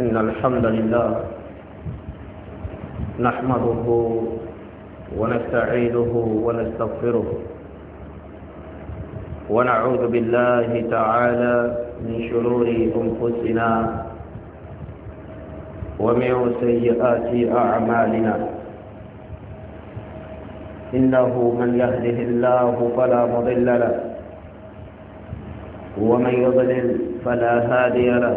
إن الحمد لله نحمده ونستعيده ونستغفره ونعوذ بالله تعالى من شرور أنفسنا ومن سيئات أعمالنا إنه من يهده الله فلا مضل له ومن يضلل فلا هادي له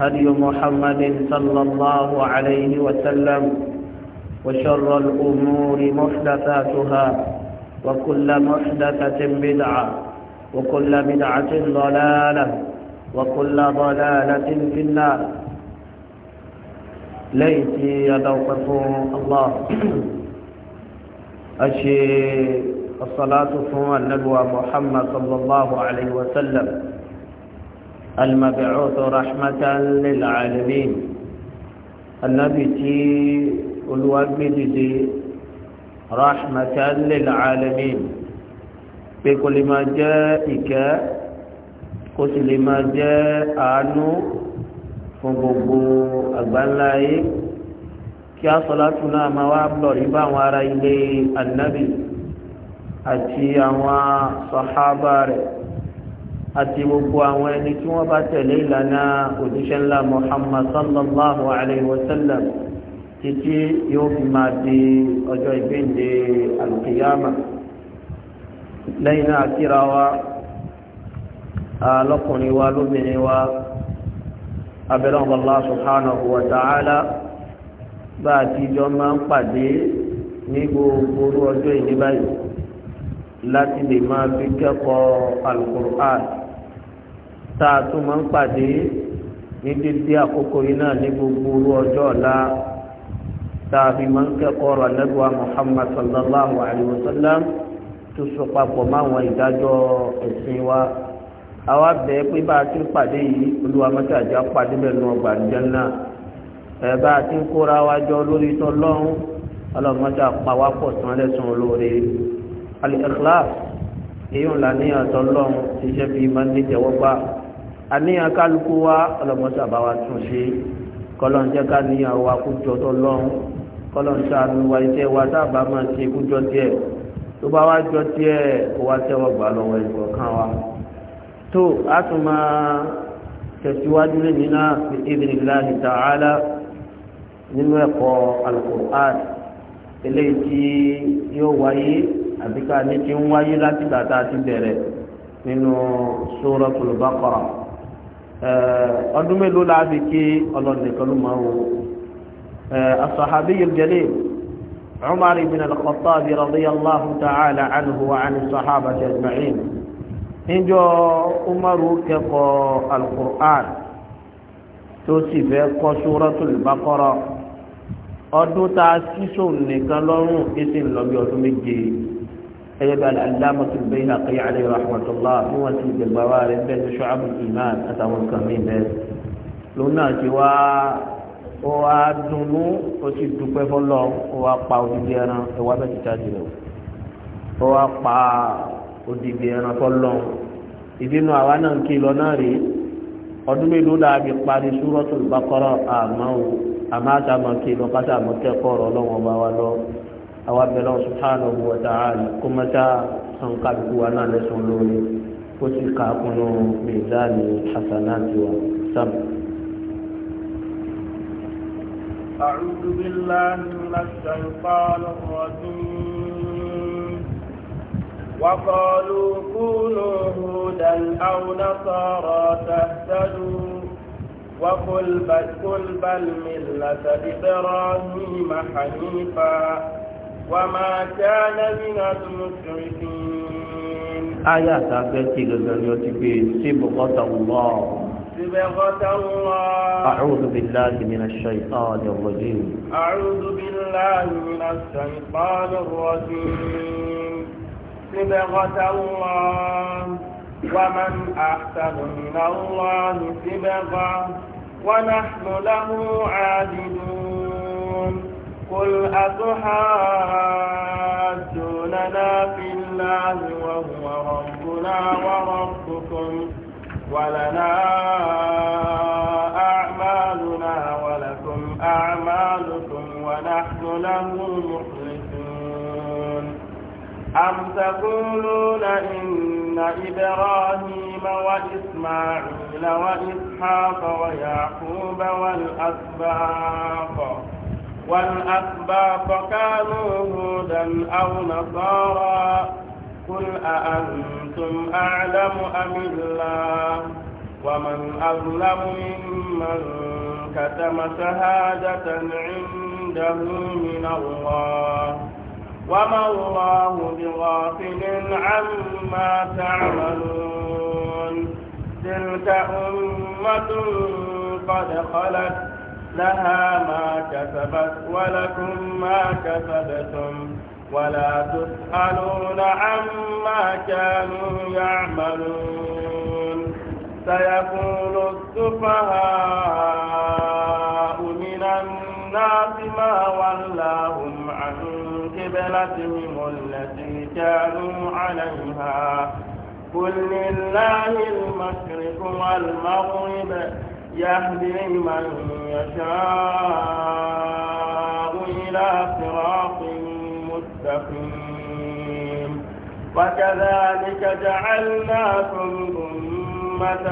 هدي محمد صلى الله عليه وسلم وشر الأمور محدثاتها وكل محدثة بدعة وكل بدعة ضلالة وكل ضلالة في النار ليتي يدوقف الله أشي الصلاة فهو النبوة محمد صلى الله عليه وسلم المبعوث رحمة للعالمين النبي تي الوجد دي رحمة للعالمين بكل ما جاءك كل ما جاء عنه fún gbogbo àgbáńlá ayé kí a sọ̀látù náà máa wá lọ̀rí bá àwọn ará ilé ànábì àti àwọn sàhábà rẹ̀ àti gbogbo àwọn ẹni tí wọ́n bá tẹ̀lé ìlànà òjíṣẹ́ ńlá Muhammad sallallahu alayhi wa sallam títí yóò fi máa di ọjọ́ ìgbéǹde alkiyama lẹ́yìn náà kíra wa lọ́kùnrin wa lóbìnrin wa abẹ́rẹ́ Allah subhanahu wa bá àtijọ́ máa ń pàdé ní gbogbo ọjọ́ ìní láti lè máa fi kẹ́kọ̀ọ́ alukur'an tá a tún máa ń pàdé ní dídí àkókò yìí náà ní gbogbo orú ọjọ́ ọ̀la tá a fi máa ń kẹ́kọ̀ọ́ ọ̀rọ̀ ànábì Muhammad sallallahu alayhi wa sallam tó so papọ̀ máwọn ìdájọ́ ẹ̀sìn wa àwa bẹ́ẹ̀ pé bá a ti ń pàdé yìí olúwa mọ́tàjà pàdé bẹ́ẹ̀ nù ọgbà Jánnà ẹ̀ bá a ti ń kóra wa jọ lórí tọ́lọ́run ọlọ́mọdé àpawápọ̀ tán lẹ́sùn olóore al-ikhlas èyí ńlá ní àtọ́lọ́run ti ṣe fi máa ń níjẹ̀wọ́gbà àníyàn kálukú wa ọlọ́mọṣà bá wa tún ṣe kọlọ́njẹ́ ká níyàn wa kújọ tó lọ́rùn kọlọ́nṣà mi wa iṣẹ́ wa sábà máa ṣe kújọ tiẹ̀ tó bá wá jọ tiẹ̀ kó wá tẹ́wọ́ gbà lọ́wọ́ ẹ̀kọ́ kan wa tó a tún máa tẹ̀síwájú lẹ́yìn náà fi idhnillahi ta'ala nínú ẹ̀kọ́ al-Qur'an eléyìí tí yóò wáyé àbíká ní ti ń wáyé láti gbàtà ti bẹ̀rẹ̀ nínú Suratul Baqarah. Eh, ọdún mélòó la fi kí ọlọ́nìkan ló máa wò eh, as-sahabiy al-jalil Umar ibn al-Khattab radiyallahu ta'ala anhu wa an as-sahaba ajma'in níjọ́ Umaru kẹ́kọ̀ọ́ al tó sì fẹ́ kọ́ Suratul Baqara ọdún tá a sísò nìkan lọ́rùn kí sì ń lọ bí ọdún méje ẹgbẹ́ bá aláàmà tó bẹ́ẹ̀ náà kẹ́yà àlẹ́ rahmatullah ní wọ́n ti gbẹ̀gbà wa rẹ̀ bẹ́ẹ̀ ní ṣọ́ọ́bù iman àtàwọn nǹkan mi bẹ́ẹ̀ lòun náà ti wá ó wá dunnú ó sì dúpẹ́ fọlọ́ ó wá pa odidi ẹran ẹwà bẹ́ẹ̀ ti jáde rẹ̀ ó wá pa odidi ẹran fọlọ́ ìdínú àwa náà ń kí lọ náà rèé ọdún mélòó dàbí parí súrọ́tù Baqara àmọ́ àmọ́ àtàmọ́ kí lọ kátàmọ́ kẹ́kọ̀ọ́ ọlọ́wọ́n bá wa lọ́wọ́ àwọn abẹ́lẹ́ subhanahu wa ta'ala kó mẹ́ta san kálukú wa náà lẹ́sùn lórí kó sì ká kúnnú mizani hasanati wa sam. أعوذ بالله من الشيطان الرجيم وقالوا كونوا هودا أو نصارى تهتدوا وقل بل, قل بل ملة إبراهيم حنيفا وما كان من المسرفين آيات أبتي غزاليوت سبغة الله سبغة الله أعوذ بالله من الشيطان الرجيم أعوذ بالله من الشيطان الرجيم سبغة الله ومن أحسن من الله سبغة ونحن له عابدون قل أتحاجوننا في الله وهو ربنا وربكم ولنا أعمالنا ولكم أعمالكم ونحن له مخلصون أم تقولون إن إبراهيم وإسماعيل وإسحاق ويعقوب والأسباق والأتباع كانوا هودا أو نصارى قل أأنتم أعلم أم الله ومن أظلم ممن كتم شهادة عنده من الله وما الله بغافل عما تعملون تلك أمة قد خلت لها ما كسبت ولكم ما كسبتم ولا تسألون عما كانوا يعملون سيقول السفهاء من الناس ما ولاهم عن قبلتهم التي كانوا عليها قل لله المشرق والمغرب يهدي من يشاء إلى صراط مستقيم وكذلك جعلناكم أمة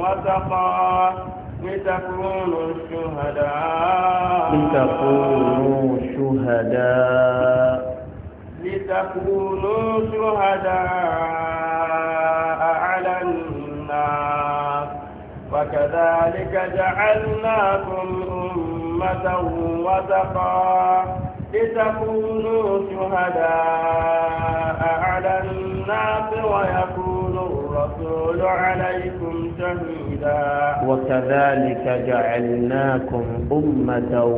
وسقا لتكونوا شهداء لتكونوا شهداء لتكونوا شهداء على الناس وكذلك جعلناكم أمة وسقا لتكونوا شهداء على الناس ويكون الرسول عليكم شهيدا وكذلك جعلناكم أمة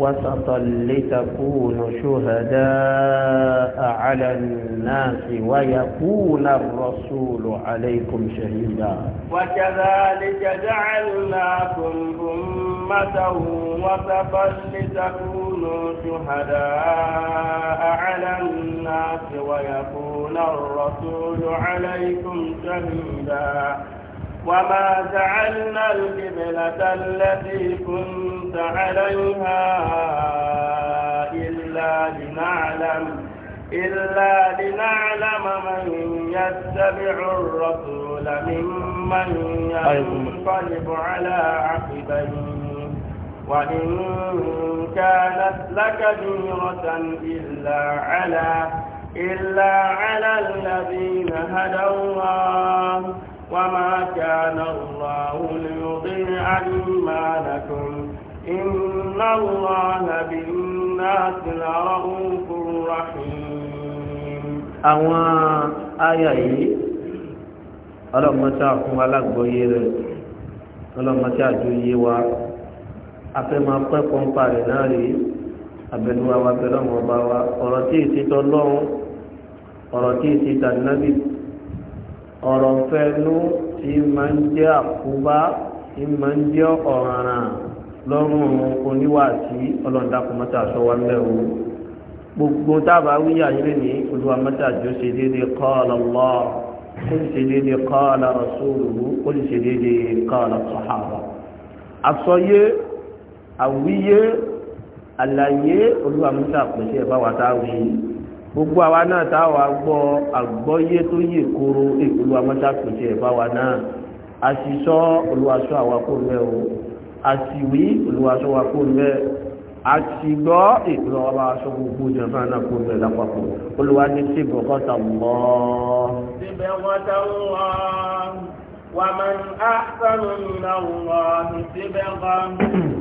وسطا لتكونوا شهداء على الناس ويكون الرسول عليكم شهيدا وكذلك جعلناكم أمة وسطا لتكونوا شهداء على الناس ويكون الرسول عليكم شهيدا وما جعلنا القبلة التي كنت عليها إلا لنعلم إلا لنعلم من يتبع الرسول ممن ينقلب على عقبيه وإن كانت لكبيرة إلا على إلا على الذين هدى الله وما كان الله ليضيع إيمانكم إن الله بالناس لرؤوف رحيم àwọn àyà yìí ọlọ́mọta fún alágbóyé rẹ̀ ọlọ́mọta àjòyé wa afẹ́mọ́ pẹ́ pọ́ńpà rẹ̀ náà rí abẹ́lúwa wa bẹ̀rẹ̀ ọmọ ọba wa ọ̀rọ̀ tí ì ti tọ́ lọ́hún ọ̀rọ̀ tí ì ti tà nábì ọ̀rọ̀ fẹ́nu tí máa ń jẹ́ àkóbá tí máa ń jẹ́ ọ̀ràn lọ́rùn oníwàásí ọlọ́ọ̀dàkùnmọ́tà sọ wá mẹ́rù gbogbo dábàá wí àyílè ní olúwa mẹ́ta jọ ṣe déédéé qala Allah kó ṣe déédéé qala rasuluhu kó ṣe déédéé qala sahaba. àsọyé àwíyé àlàyé olúwa pèsè ẹ̀bá wa dáwìí gbogbo àwa náà tá a wà gbọ́ àgbọ́yé tó yè kóró èkúlú amọ́sàkùnjẹ ẹ̀fà wa náà àṣìṣọ́ olùwàṣọ àwa kò mẹ́ o àṣìwí olùwàṣọ wa kò mẹ́ àṣìgbọ́ ìpínlẹ̀ ọba aṣọ gbogbo ìjọba náà kò mẹ́ lápapọ̀ olùwà ní sí ìbọ̀kọ́ta mọ́. síbẹ̀ wọ́n ta ń wá ومن أحسن من الله سبغا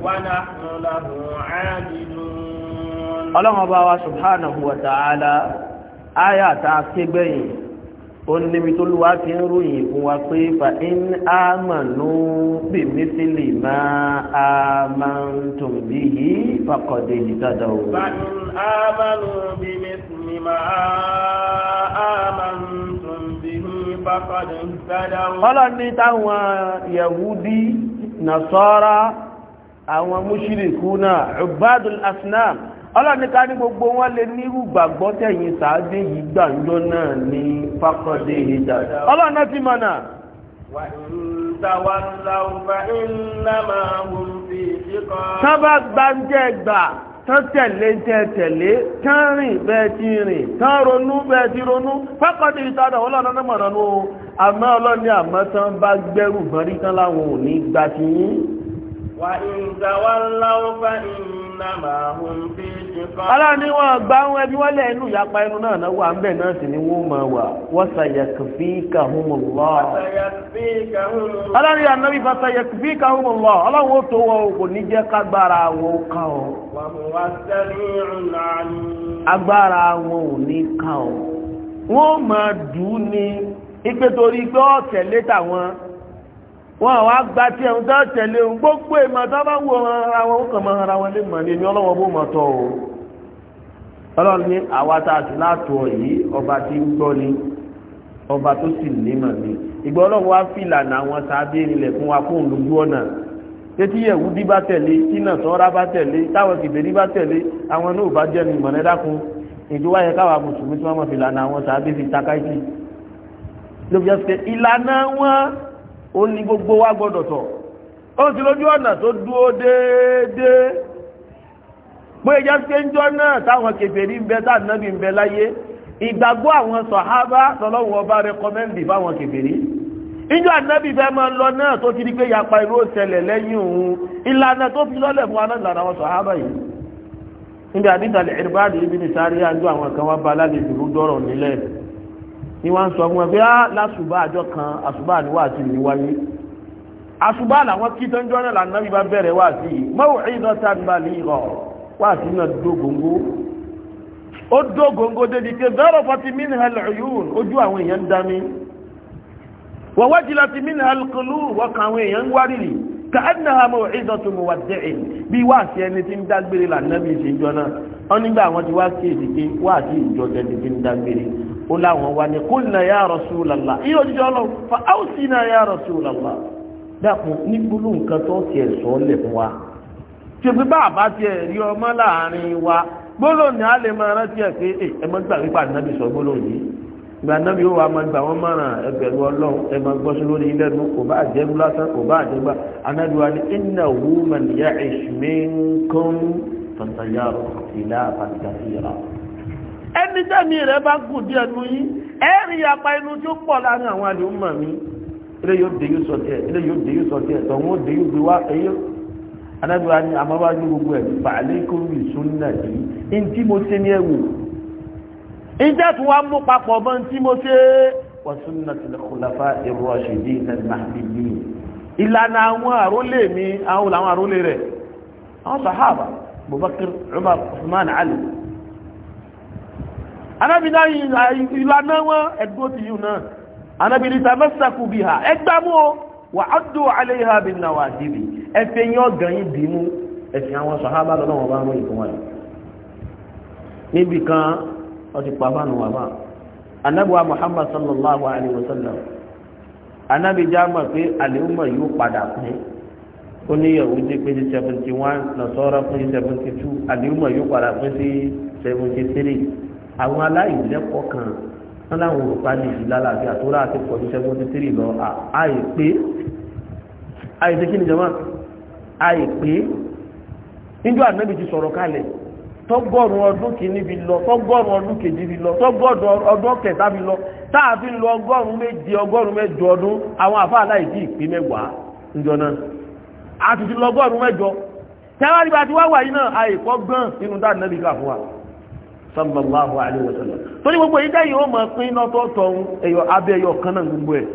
ونحن له عابدون ọlọ́run ọba wa subhanahu wa ta'ala aya ta kégbẹ̀yìn ó níbi tó lùwá ti ń ròyìn fún wa pé fa in amanu bi mithli ma amantum bihi faqad ihtadaw. fa in amanu bi mithli ma amantum bihi faqad ihtadaw. ọlọ́ni táwọn yahudi nasara àwọn mushrikuna ubadul asnam ọlọ́nìká ní gbogbo wọn lè nírú gbàgbọ́ tẹ̀yìn sàádé yìí gbàǹjọ́ náà ní fákọ́dé ìjà ọlọ́nà ti mọ̀nà. tán bá gbáǹjẹ́ gbà tán tẹ̀lé tẹ́ tẹ̀lé tán rìn bẹ́ẹ̀ ti rìn tán ronú bẹ́ẹ̀ ti ronú fákọ́dé ìjà ọlọ́nà náà mọ̀nà nù àmọ́ ọlọ́ni àmọ́ tán bá gbẹ́rù gbọ́n rí tán láwọn ò ní gbà ti yín. wà ìjà wà láwọn fà ìmọ̀ ni wọn gba wọn ẹbí wọ́n ya inú ìyapa ẹnu náà náà wà na si náà ni wọ́n máa wà wọ́n sàyẹ̀kùfí kàhùnmùlọ́ ala ni tó wọn kò ní jẹ́ kágbára wọn ká ọ agbára wọn ò ní ọ wọ́n torí létà wọn àwọn àgbà tí ẹ̀hún tó tẹ̀lé ohun gbogbo ìmọ̀ tó bá wù ọ̀rọ̀ ara wọn ó kàn máa ara wọn lè mọ̀ ní èmi ọlọ́wọ́ bó mọ̀ tọ́ o ọlọ́run ní àwa tá a ti látọ̀ yìí ọba tí ń gbọ́ ni ọba tó sì nímọ̀ ni ìgbà ọlọ́run wá fìlànà àwọn sáábé nílẹ̀ fún wa fún olójú ọ̀nà tètè yẹ̀wù bí bá tẹ̀lé tínà sọ́ra bá tẹ̀lé táwọn kìbèrí bá tẹ̀lé àwọn náà bá jẹ́ ní ìmọ̀lẹ́ ó ní gbogbo wa gbọ́dọ̀ tọ̀ ó ti lójú ọ̀nà tó dúró déédéé pé ìjà séńjọ́ náà táwọn kèfèrí ń bẹ táànábì ń bẹ láyé ìgbàgbọ́ àwọn sọ̀hábà tọ́lọ́wọ́ ọba rẹkọmẹ́ndì fáwọn kèfèrí ìjọ ànábì bẹ́ẹ̀ máa lọ náà tó ti di pé yapa irú òṣẹlẹ̀ lẹ́yìn òun ìlànà tó fi lọ́lẹ̀ fún aná ìlànà àwọn sọ̀hábà yìí níbi àdìsàlẹ̀ ibi àwọn kan wá dọ́rọ̀ nílẹ̀ ni wọ́n ń sọ fún wọn pé á ah, lásùbá àjọ kan àsùbá ni wàásì ní wáyé àsùbá làwọn kí tó ń jọ́ náà lànà bí bá bẹ̀rẹ̀ wàásì mọ́wò ìdọ́ sáàdùbà ní ìrọ̀ wàásì náà dó góńgó ó dó góńgó débi pé bẹ́rọ̀ fọti minhal uyun ojú àwọn èèyàn ń dami wọ́n wájìlá ti minhal qulub wọ́n kan àwọn èèyàn ń wárìrì ó láwọn wá ní kúlnà ya Rasulullah iye òjíjọ́ ọlọ́run fa áùsínà ya Rasulullah dákun ní gbóló nǹkan tó ti ẹ̀ sọ lẹ̀ fún wa tí o fi bá àbá ti ẹ̀ rí ọmọ láàrin wa gbóló ní a lè máa rántí ẹ̀ pé ẹ ẹ mọ́ gbà wípé ànábì sọ gbóló yìí ìgbà náà yóò wá máa gbà wọ́n mọ̀ràn ẹgbẹ̀rún ọlọ́run ẹ máa gbọ́ sí lórí ilé kò bá àjẹmú lásán kò bá àjẹgbà ànábì wa ní innahu man ya'ish minkum fàtàyà ìlà àbàtà ìlà. ẹni tẹ́mi rẹ̀ bá gùn díẹ̀ nu yín ẹ̀rí apá inú tí ó pọ̀ láàrin àwọn mi ilé yóò dé yóò sọ díẹ̀ dé yóò o gbé wá ni àmọ́ ebe gbogbo ẹ̀ fàálẹ́ kó rí tí mo ṣe ní ẹ̀wò ìjẹ́ tí wọ́n mú papọ̀ tí mo ṣe wọ́n ti ẹ̀rọ ṣèdí ìtẹ̀lẹ́mà ìlú ìlànà àwọn àrólé mi àwọn àrólé rẹ̀ àwọn Ali anábìnrin náà ìlànà wọn ẹ̀dúró ti yìí náà anábìnrin tamassaku biha ẹgbàmú o wà á dùn alẹ́ ìhà bí nà wà dìbì ẹ̀fẹ̀ yín ọ̀gàn yín dì mú ẹ̀sìn àwọn sàhábà lọ́nà wọn bá mú ìfún wọn. níbi kan wọ́n ti wà fáà anábìwá Muhammad sallallahu alayhi wa sallam anábìjá mọ̀ pé àlèhùnmọ̀ yóò padà pín ó ní Yahudi pé sí seventy one Nasara pé sí seventy two àlèhùnmọ̀ yóò padà pín sí seventy three àwọn aláìlẹ́kọ̀ọ́ kan wọ́n láwọn òrùpa ní ìlà láti àtúrà àti pọ̀jù 73 lọ àìpé àìsẹ́ kí ni jọmọ́ àìpé níjọ ànábì ti sọ̀rọ̀ kalẹ̀ tọ́gọ́rùn ọdún kìíní fi lọ tọ́gọ́rùn ọdún kejì fi lọ tọ́gọ́rùn ọdún kẹta fi lọ táàbí lọ ọgọ́rùn méje ọgọ́rùn mẹ́jọ ọdún àwọn àfa aláìsí ìpín mẹ́wàá níjọ náà àtùtù lọgọ́rùn mẹ́jọ tẹ́wárí bá ti wá wà yìí náà àìkọ́ gbọ́n nínú dáàdínẹ́bì kà fún wa sallallahu alayhi wa sallam torí gbogbo yìí dẹ́yìn ó mọ̀ pín lọ́tọ̀ọ̀tọ̀ ẹ̀yọ̀ abẹ́ ẹ̀yọ̀ kan náà gbogbo ẹ̀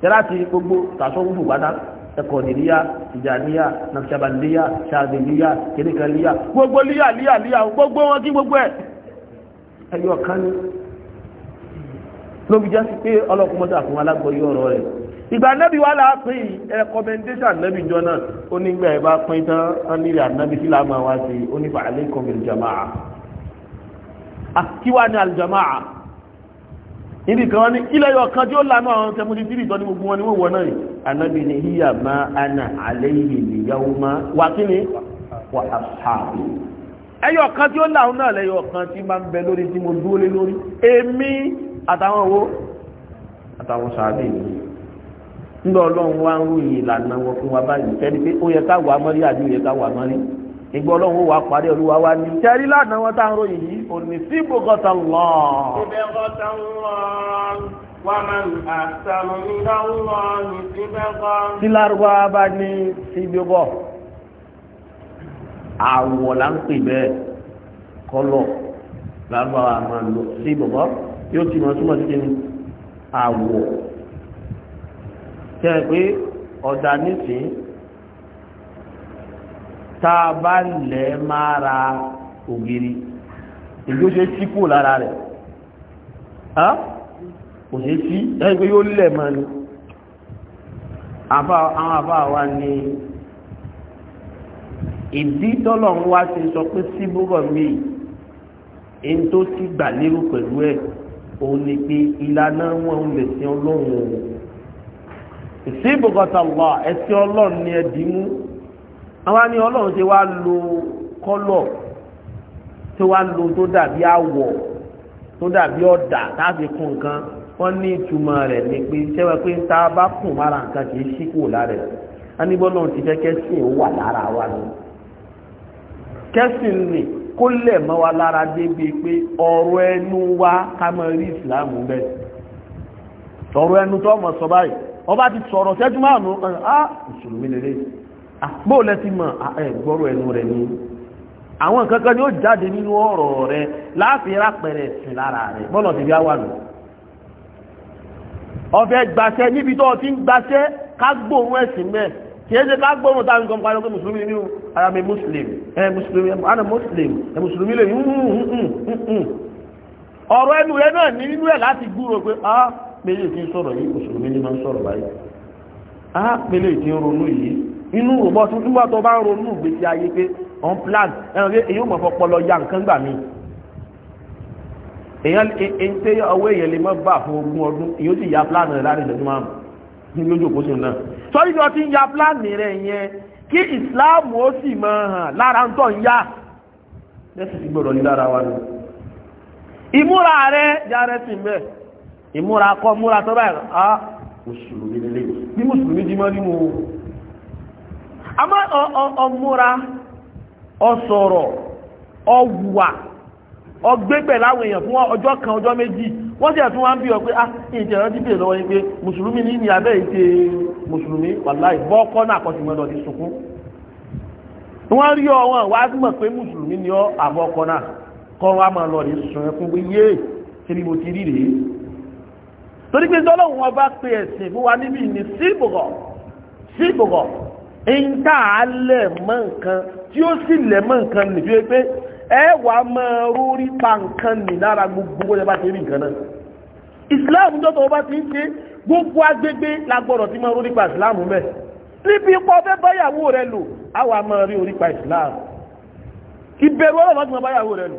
tẹ́lá ti gbogbo tàṣọ́wùfù padà ẹ̀kọ́ nìlíyà ìjàníyà nàfṣàbàlíyà ṣàdìlíyà kìnìkanlíyà gbogbo líyà líyà líyà gbogbo wọn kí gbogbo ẹ̀ ẹ̀yọ̀ kan ní lóbi jásí pé ọlọ́kùnmọ́tà fún alágbọ̀yé ọ̀rọ̀ rẹ̀ ìgbà nẹ́bí wà láà pín recommendation nẹ́bí jọ náà ó nígbà ẹ̀ bá pín tán á nílẹ̀ ànábì sílá máa wá sí onífà alaikum bil jama'a àkíwá ní aljamaa níbi kan ní ilẹ̀ yọ kan tí ó lànà àwọn tẹmúdí tírì tọ́ ní gbogbo wọn ni wọ́n wọ náà anábì ní híyà máa ana àlẹ́yìn ìyàwó máa wà kí ni wà àpààbò ẹyọ kan tí ó lànà náà lẹ́yọ kan tí máa ń bẹ lórí tí mo dúró lé lórí èmi àtàwọn owó àtàwọn sàábì mi ń lọ ọlọ́run wá ń ròyìn ìlànà wọn fún wa báyìí tẹ́lifí ó yẹ ká mọ́rí àbí ó yẹ ká mọ́rí ìgbà ọlọ́run wà parí olúwa wa ní. tẹ́rí lánàá wọn tá ń ròyìn yìí ò ní sí bùkọ́tà lọ. bùkọ́tà lọ wà máa ń àṣàrò nígbà lọ ní síbẹ̀kọ́. sílárúbá bá ní síbẹ̀kọ́ àwọ̀ là ń pè bẹ́ẹ̀ kọ́lọ̀ lárúbá wa máa ń lọ síbẹ̀kọ́ yóò ti máa túmọ̀ sí kíni àwọ̀ tẹ́ pé ọ̀dà nísìnyí tá a bá lẹ̀ máa ra ògiri èyí ó ṣe tí kò lára rẹ̀ kò ṣe tí ẹni pé yóò lẹ̀ mọ́ ni àwọn àbá wa ni ìdí tọ́lọ̀ ń wá ti sọ pé síbúrọ̀ mi èyí tó ti gbà lérò pẹ̀lú ẹ̀ òun ni pé ìlànà wọn ń lè sin ọlọ́run ìsìnbùkọ̀tà wà ẹ̀sìn ọlọ́run ni ẹ àwọn ni ọlọ́run ti wá lo kọ́lọ̀ tí wá lo tó dàbí àwọ̀ tó dàbí ọ̀dà láti kún nǹkan wọ́n ní ìtumọ̀ rẹ̀ ni pé sẹ́wọ̀n pé tá a bá kùn mára nǹkan kì í sí kúrò lára ẹ̀ aníbọ́lọ́ ti fẹ́ kẹ́sìn ó wà lára wa ni kẹ́sìn ni kó lẹ̀ mọ́ wa lára débi pé ọ̀rọ̀ ẹnu wa ká mọ rí ìsìláàmù bẹ́ẹ̀ ọ̀rọ̀ ẹnu tó mọ̀ sọ báyìí ọba ti sọ̀rọ̀ sẹ́jú márùn-ún ah Ah, bó lẹ́tí mọ̀ ah, ẹgbọ́rọ̀ ẹnu rẹ̀ ni àwọn nǹkan kan ni ó jáde nínú ọ̀rọ̀ rẹ̀ láti rápẹ̀rẹ̀ sìn lára rẹ̀ bọ́lọ̀ ti yá wà nù ọ̀fẹ́ gbàṣẹ́ níbi tó ti ń gbàṣẹ́ ká gbóhùn ẹ̀sìn mẹ́ kìí ṣe ká gbóhùn táwọn nǹkan parí pé mùsùlùmí ni ara mi muslim ẹ mùsùlùmí ana muslim ẹ á pélé ìdí ronú yìí inú rògbọ́ tún nígbà tó bá ń ronú ìgbésí ayé pé on plan ẹ̀rọ pé èyí ò mọ̀ fọpọlọ ya nǹkan gbà mí èyàn ṣe ọwọ́ èyàn lè mọ́ bà fún ogún ọdún èyí ó sì ya plan rẹ̀ láàrin ìṣẹ́jú márùn-ún ní lójú òpósùn náà sọ́rí ni ọtí ń ya plan rẹ̀ yẹn kí Islam ó sì mọ hàn lára ń tọ̀ ń yá lẹ́sìn ti gbọ́dọ̀ wa ni ìmúra rẹ̀ já rẹ̀ sì mẹ́ ìmúra kọ́ múra tọ́ báyìí ah, mùsùlùmí lélẹ̀ bí mùsùlùmí jí mọ́ nínú ohun a má ọmúra ọsọ̀rọ̀ ọwùwà ọgbẹ́gbẹ̀ láwọn èèyàn fún ọjọ́ kan ọjọ́ méjì wọ́n sì àtúnwá ń bí ọ pé a ìjẹ́ ọjọ́ bèèrè lọ́wọ́ yín pé mùsùlùmí ní ní abẹ́ ìṣe mùsùlùmí wàláì bọ́ọ̀kọ́ náà kọ́ sí mọ́dọ̀ ní sunkún wọ́n rí ọ wọn wá mọ̀ pé mùsùlùmí ni ọ àbọ̀ọ̀kọ́ náà kọ́ wa máa lọ rí sun ẹkún pé yé ṣe ni mo ti rí rèé torí pé tọ́lọ́hùn wọn bá pe ẹ̀sìn fún wa níbí ní síbùgọ̀ síbùgọ̀ nǹkan àálẹ̀ mọ́ nǹkan tí ó sì lẹ̀ mọ́ nǹkan nìjú pé ẹ wàá máa rórí pa nǹkan nì lára gbogbo ẹ bá ti rí nǹkan náà ìsìláàmù tó tọ́ bá ti ń ṣe gbogbo agbègbè la gbọ́dọ̀ ti máa rórí pa ìsìláàmù mẹ́ níbi ipò fẹ́ báyàwó rẹ lò á wàá máa rí orí pa ìsìláàmù ìbẹ̀rù ọlọ́run ti máa báyàwó rẹ lò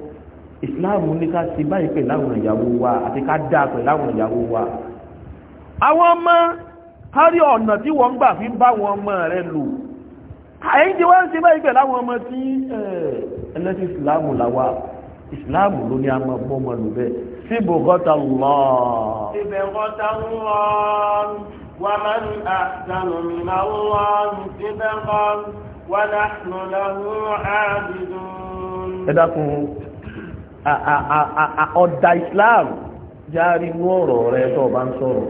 islam ní ká ti báyìí pẹ̀lú àwọn ìyàwó wa àti ká dáa pẹ̀lú àwọn ìyàwó wa àwọn ọmọ kárí ọ̀nà tí wọ́n ń gbà fi bá wọn ọmọ rẹ lò àyín tí wọ́n ń ṣe báyìí pẹ̀lú àwọn ọmọ tí ẹlẹ́sìn islam làwà islam ló ní a bọ́ ọmọ lò bẹ́ẹ̀ sí bògọ́tà lọ. ìbẹ̀gọ́tà lọ wà máa ń àdánù mìíràn síbẹ̀ kan wà láàánú lọ́hùn-ún ẹ dákun ọ̀dà islam járí mú ọ̀rọ̀ rẹ tó bá ń sọ̀rọ̀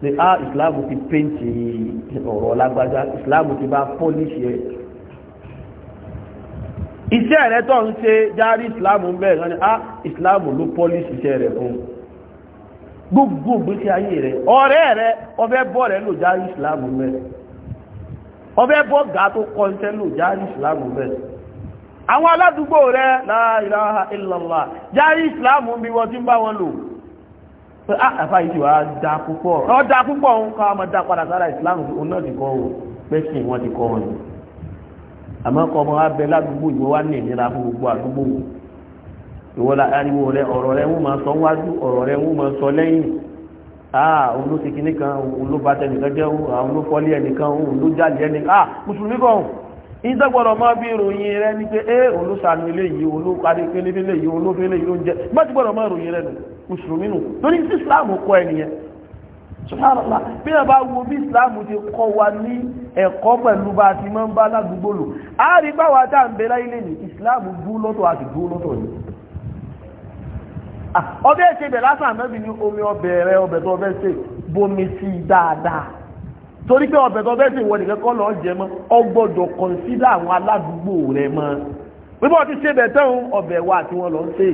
pé á islam ti péǹtì ọ̀rọ̀ lágbájá islam ti bá pọ́líṣì ẹ̀ iṣẹ́ rẹ tó ń ṣe járí islam ń bẹ̀rẹ̀ wọ́n ni á islam ló pọ́líṣì iṣẹ́ rẹ fún gbogbo ìgbésí ayé rẹ ọ̀rẹ́ rẹ ọfẹ́ bọ́ rẹ lò járí islam ń bẹ̀rẹ̀ ọfẹ́ bọ́ gà tó kọ́ iṣẹ́ lò járí islam àwọn aládùúgbò rẹ̀ la ilaha illallah járí ìsìláàmù bí wọ́n ti ń bá wọn lò pé ah, àfà ìdí wà dá púpọ̀ ọ dá púpọ̀ ń kọ́ ọmọ dá padà sára ìsìláàmù òun náà ti kọ́ ọ pé kí wọ́n ti kọ́ ọ ni àmọ́ kọ́ ọmọ wa bẹ ládùúgbò ìwọ wá ní ìnira fún gbogbo àdúgbò ìwọ la rẹ ọ̀rọ̀ rẹ wọ́n máa sọ wájú ọ̀rọ̀ rẹ wọ́n máa sọ lẹ́yìn ah òun ló ti kinní kan òun ló bàtẹ nìkan jẹ́ òun ló fọ́lé ẹnìkan òun ló jáde ẹnìkan ah mùsùlùmí kan ìdọ́gbọ̀rọ̀ máa bí ìròyìn rẹ ní pé é olóṣàánú eléyìí olóparí pélé eléyìí olófin eléyìí ló ń jẹ gbọ́dọ̀gbọ̀rọ̀ máa ìròyìn rẹ nù torí tí islam kọ ẹnìyẹn na bí wọn bá wo bí islamu ti kọ wa ní ẹ̀kọ́ pẹ̀lú bá ti máa ń bá ládùúgbò lò á rí torí pé ọbẹ̀ tó fẹ́ sì wọ nìkan kọ́ lọ́ọ́ jẹ mọ́ ọ gbọ́dọ̀ kọ̀nsídà àwọn aládùúgbò rẹ mọ́ pípọ̀ ti ṣe bẹ̀ tán ọbẹ̀ wa àti wọn lọ ń ṣe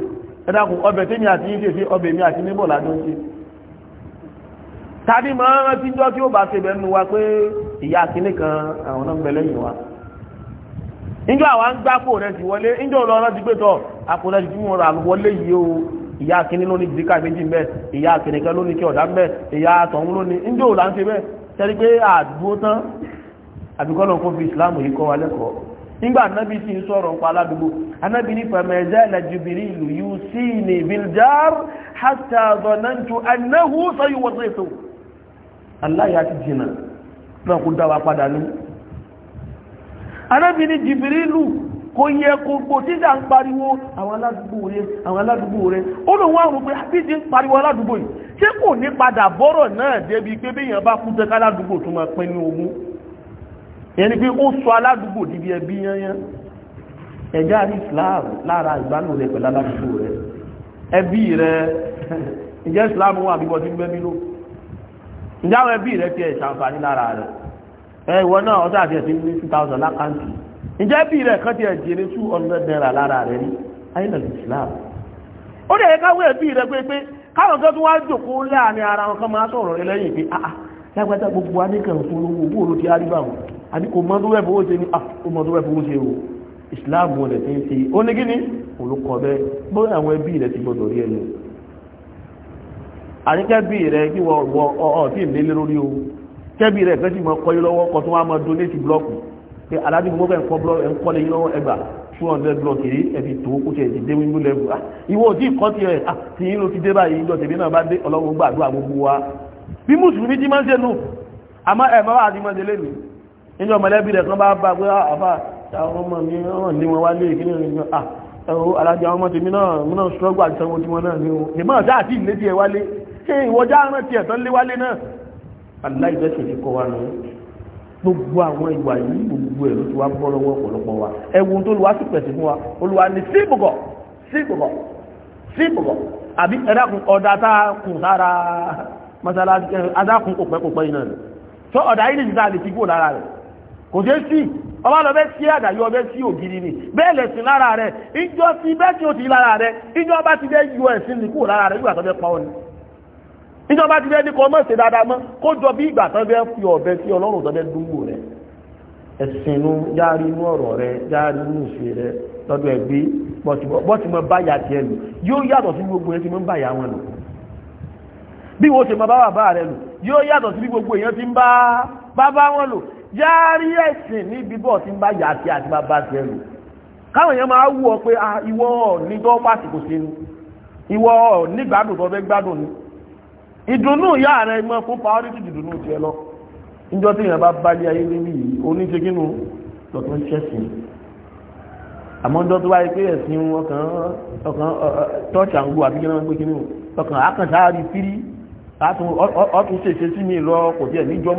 ẹ dákun ọbẹ̀ tèmi àti yín ṣe ṣe ọbẹ̀ mi àti níbọ̀ ládùn ṣe tàbí mọ́ rántí jọ́ tí ó bá ṣe bẹ̀ nu wa pé ìyá kínní kan àwọn náà ń bẹ lẹ́yìn wa níjọ́ àwa ń gbá kó rẹ̀ ti wọlé níjọ́ lọ rántí pé tọ́ àpò rẹ̀ ti mú ra wọlé yìí o ìyá kínní ló ní bíríkà méjì ń bẹ ìyá kínní kan ló ní kí ọ̀dà ń bẹ ìyá àtọ̀hún ló ní níjọ́ là ń ṣe bẹ́ẹ̀ tẹ́rí pé àdúgbò tán àbíkọ́lọ̀ kó fi ìsìláàmù yìí kọ́ wa lẹ́kọ̀ọ́ nígbà anábì tí ń sọ̀rọ̀ pa aládùúgbò anábì ní pẹ̀mẹ̀ẹ́zẹ́ lẹ́jùbìrì ìlú yìí sí ní biljar hátà zọ̀nàntù anáhù sọ́yíwọ́sọ́ ètò aláyà kò yẹ kò gbò tí ìjà ń pariwo àwọn aládùúgbò rẹ̀ àwọn aládùúgbò rẹ̀ ó lóun wá rò pé bí ti ń pariwo aládùúgbò yìí ṣé kò ní padà bọ́rọ̀ náà débi pé bí èèyàn bá kú tẹ́ká aládùúgbò tó máa pín ní ogún ẹni pé ó sọ aládùúgbò díbi ẹbí yányán ẹ̀já rí Islam lára ìbálò rẹ̀ pẹ̀lú aládùúgbò rẹ̀ ẹbí rẹ̀ ìjẹ́ Islam wà bíbọ́ sí gbẹ́mí ló ìjáwọ̀ ẹbí rẹ̀ tiẹ̀ ṣàǹfààní lára rẹ̀ ẹ̀ ìwọ náà ọjọ́ àti ẹ̀sìn ní 2000 lákàntì ǹjẹ́ bí rẹ̀ kan ti ẹ̀jẹ̀rẹ̀ tú ọ̀nà dẹ̀rà lára rẹ̀ ní ayélujára islam ó dẹ̀ káwé bí rẹ̀ pé pé káwọn kan tó wá jòkó láàrin ara wọn kan máa sọ̀rọ̀ rẹ̀ lẹ́yìn pé ah, ah lágbàtà gbogbo anìkan polówó owó ló ti àríwá wọn àbí kò mọ́ tó wẹ́ fowó ṣe ní ah ó mọ́ tó wẹ́ fowó ṣe o islam wọn lẹ̀ ti ń ṣe ó ní kíní olùkọ́ bẹ́ bó àwọn ẹbí rẹ̀ ti gbọdọ̀ rí ẹnu àríkẹ́ bí rẹ̀ kí wọ́n ọ̀ tí ì lé lórí o kẹ́bí rẹ̀ kẹ́ sì mọ́ kọ́ yí lọ́wọ́ kọ́ tó wá mọ́ donate blọ́ọ̀kù pé aládùn gbogbo ẹ̀kọ́ blọ ẹ̀kọ́ lè yọ ẹgbà two hundred blọ kiri ẹ̀fi tó kó tiẹ̀ ti dé wíńdú lẹ́wù à ìwọ ò tí ì kọ́ tiẹ̀ à ah, tí yín ló ti dé báyìí ìjọ tèmi náà bá dé ọlọ́run gbàdúrà gbogbo wa bí mùsùlùmí ti máa ń ṣe nù àmọ́ ẹ̀ máa wà ní máa ṣe lé mi níjọ mọ̀lẹ́bí rẹ̀ kan bá bá pé ah, àbá àwọn ọmọ mi wọ́n ní wọn wá lé ìkíní ìrìn à ah, ẹ̀rọ alájà ọmọ tèmi náà múná ṣọ́gbà àti sanwó tí wọ́n náà ní o ìmọ̀ ọ̀dá àti ìlédìí ẹ̀ wálé ṣé ìwọ́jà rántí ẹ̀tọ́ lé wálé náà aláìbẹ̀sẹ̀ ti kọ wa nù gbogbo àwọn ìwà yìí gbogbo ẹ̀ ló ti wá bọ́ lọ́wọ́ ọ̀pọ̀lọpọ̀ wa ẹ̀wù tó lu wá sí pẹ̀sì fún wa olùwà ni sí bùgọ̀ sí bùgọ̀ sí bùgọ̀ àbí ẹ̀dàkùn ọ̀dà tá a kùn sára mọ́sálásí adákùn kò pẹ́ kò pẹ́ iná rẹ̀ tó ọ̀dà yìí nìyí a lè fi kúrò lára rẹ̀ kò ṣeé sí ọba lọ bẹ́ sí àdàyọ ọbẹ̀ sí ògiri ni bẹ́ẹ̀ lẹ̀ sí lára rẹ̀ ìjọ sí bẹ́ẹ̀ tí ó ti lára rẹ̀ ìjọ bá ti bẹ́ yọ ẹ̀sìn ní lára rẹ̀ yóò àtọ́jẹ́ pa ọ́ ni níjọba ti fẹ́ ní kọ́ mọ̀ ṣe dáadáa mọ́ kó jọ bí ìgbà tán fẹ́ fi ọ̀bẹ sí ọlọ́run tán fẹ́ dúnwò rẹ ẹ̀sìnú járí inú ọ̀rọ̀ rẹ járí inú rẹ lọ́dọ̀ ẹ̀gbẹ́ bọ́tí mọ báyà tiẹ̀ lù yóò yàtọ̀ gbogbo ti báyà wọn lù wo ṣe mọ bá bàbá rẹ lù yóò yàtọ̀ gbogbo èèyàn ti ń bá wọn ti ń bá yà ti káwọn èèyàn máa wú ọ pé ah, ìwọ pàṣẹ kò ni ìwọ nígbàdùn tó ìdùnnú ya rẹ̀ mọ́ fún priority ìdùnnú ẹ lọ níjọ́ tí èèyàn bá balẹ̀ ayé níbi yìí oníṣegínú lọ́tọ́ ń tó wáyé pé ẹ̀sìn ọkàn ọkàn tọ́ọ̀ṣì àǹgbò àbí gíná pé kínú ọkàn akànṣáàrí fírí ọtún ṣèṣe sí mi lọ kò níjọ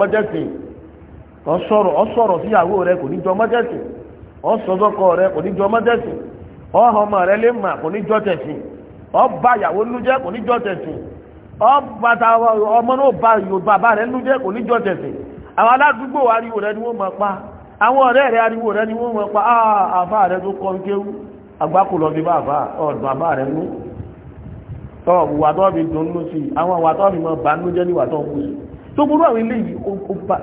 síyàwó kò níjọ kò níjọ lè mà kò níjọ tẹ̀sìn lújẹ́ kò níjọ tẹ̀sìn ọgbàtà ọmọ náà bá yorùbá bá rẹ̀ lójẹ́ kò níjọ tẹ̀sẹ̀ àwọn aládùúgbò ariwo rẹ̀ ni wọ́n mọ̀ pa àwọn ọ̀rẹ́ rẹ̀ ariwo rẹ̀ ni wọ́n mọ̀ pa ah, àbá rẹ̀ tó kọ́ ń kéwú àgbákò lọ bí bàbá ọ̀dùn àbá rẹ̀ mú ọ̀wà tó fi dùn nú sí àwọn àwà tó fi mọ̀ bá nú jẹ́ níwà tó kú sí tó burú àwọn ilé yìí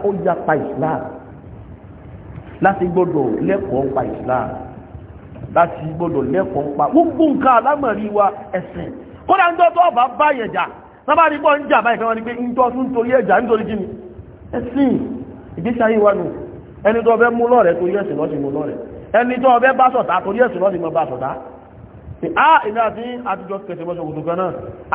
ó ya pa Islam láti gbọ́dọ̀ lẹ́kọ̀ọ́ pa Islam láti gbọ́dọ̀ lẹ́kọ̀ọ́ pa gbogbo nǹkan alámọ̀rí wa ẹ̀sìn kódà ń tọ́ tó ọba bá yẹ̀jà sábà rí pọ́ ń jà báyìí kan wọ́n ní pé ń tọ́ tún torí ẹ̀jà nítorí kí ni ẹ̀sìn ìgbésí ayé wa nù ẹni tó ọbẹ̀ mú lọ́rẹ̀ torí ẹ̀sìn lọ́sìn mú lọ́rẹ̀ ẹni tó ọbẹ̀ bá sọ̀tá torí ẹ̀sìn lọ́sìn mọ́ bá sọ̀tá a ìlú àti àtijọ́ kẹsẹ̀ mọ́ṣọ́ òkùnkùn kan náà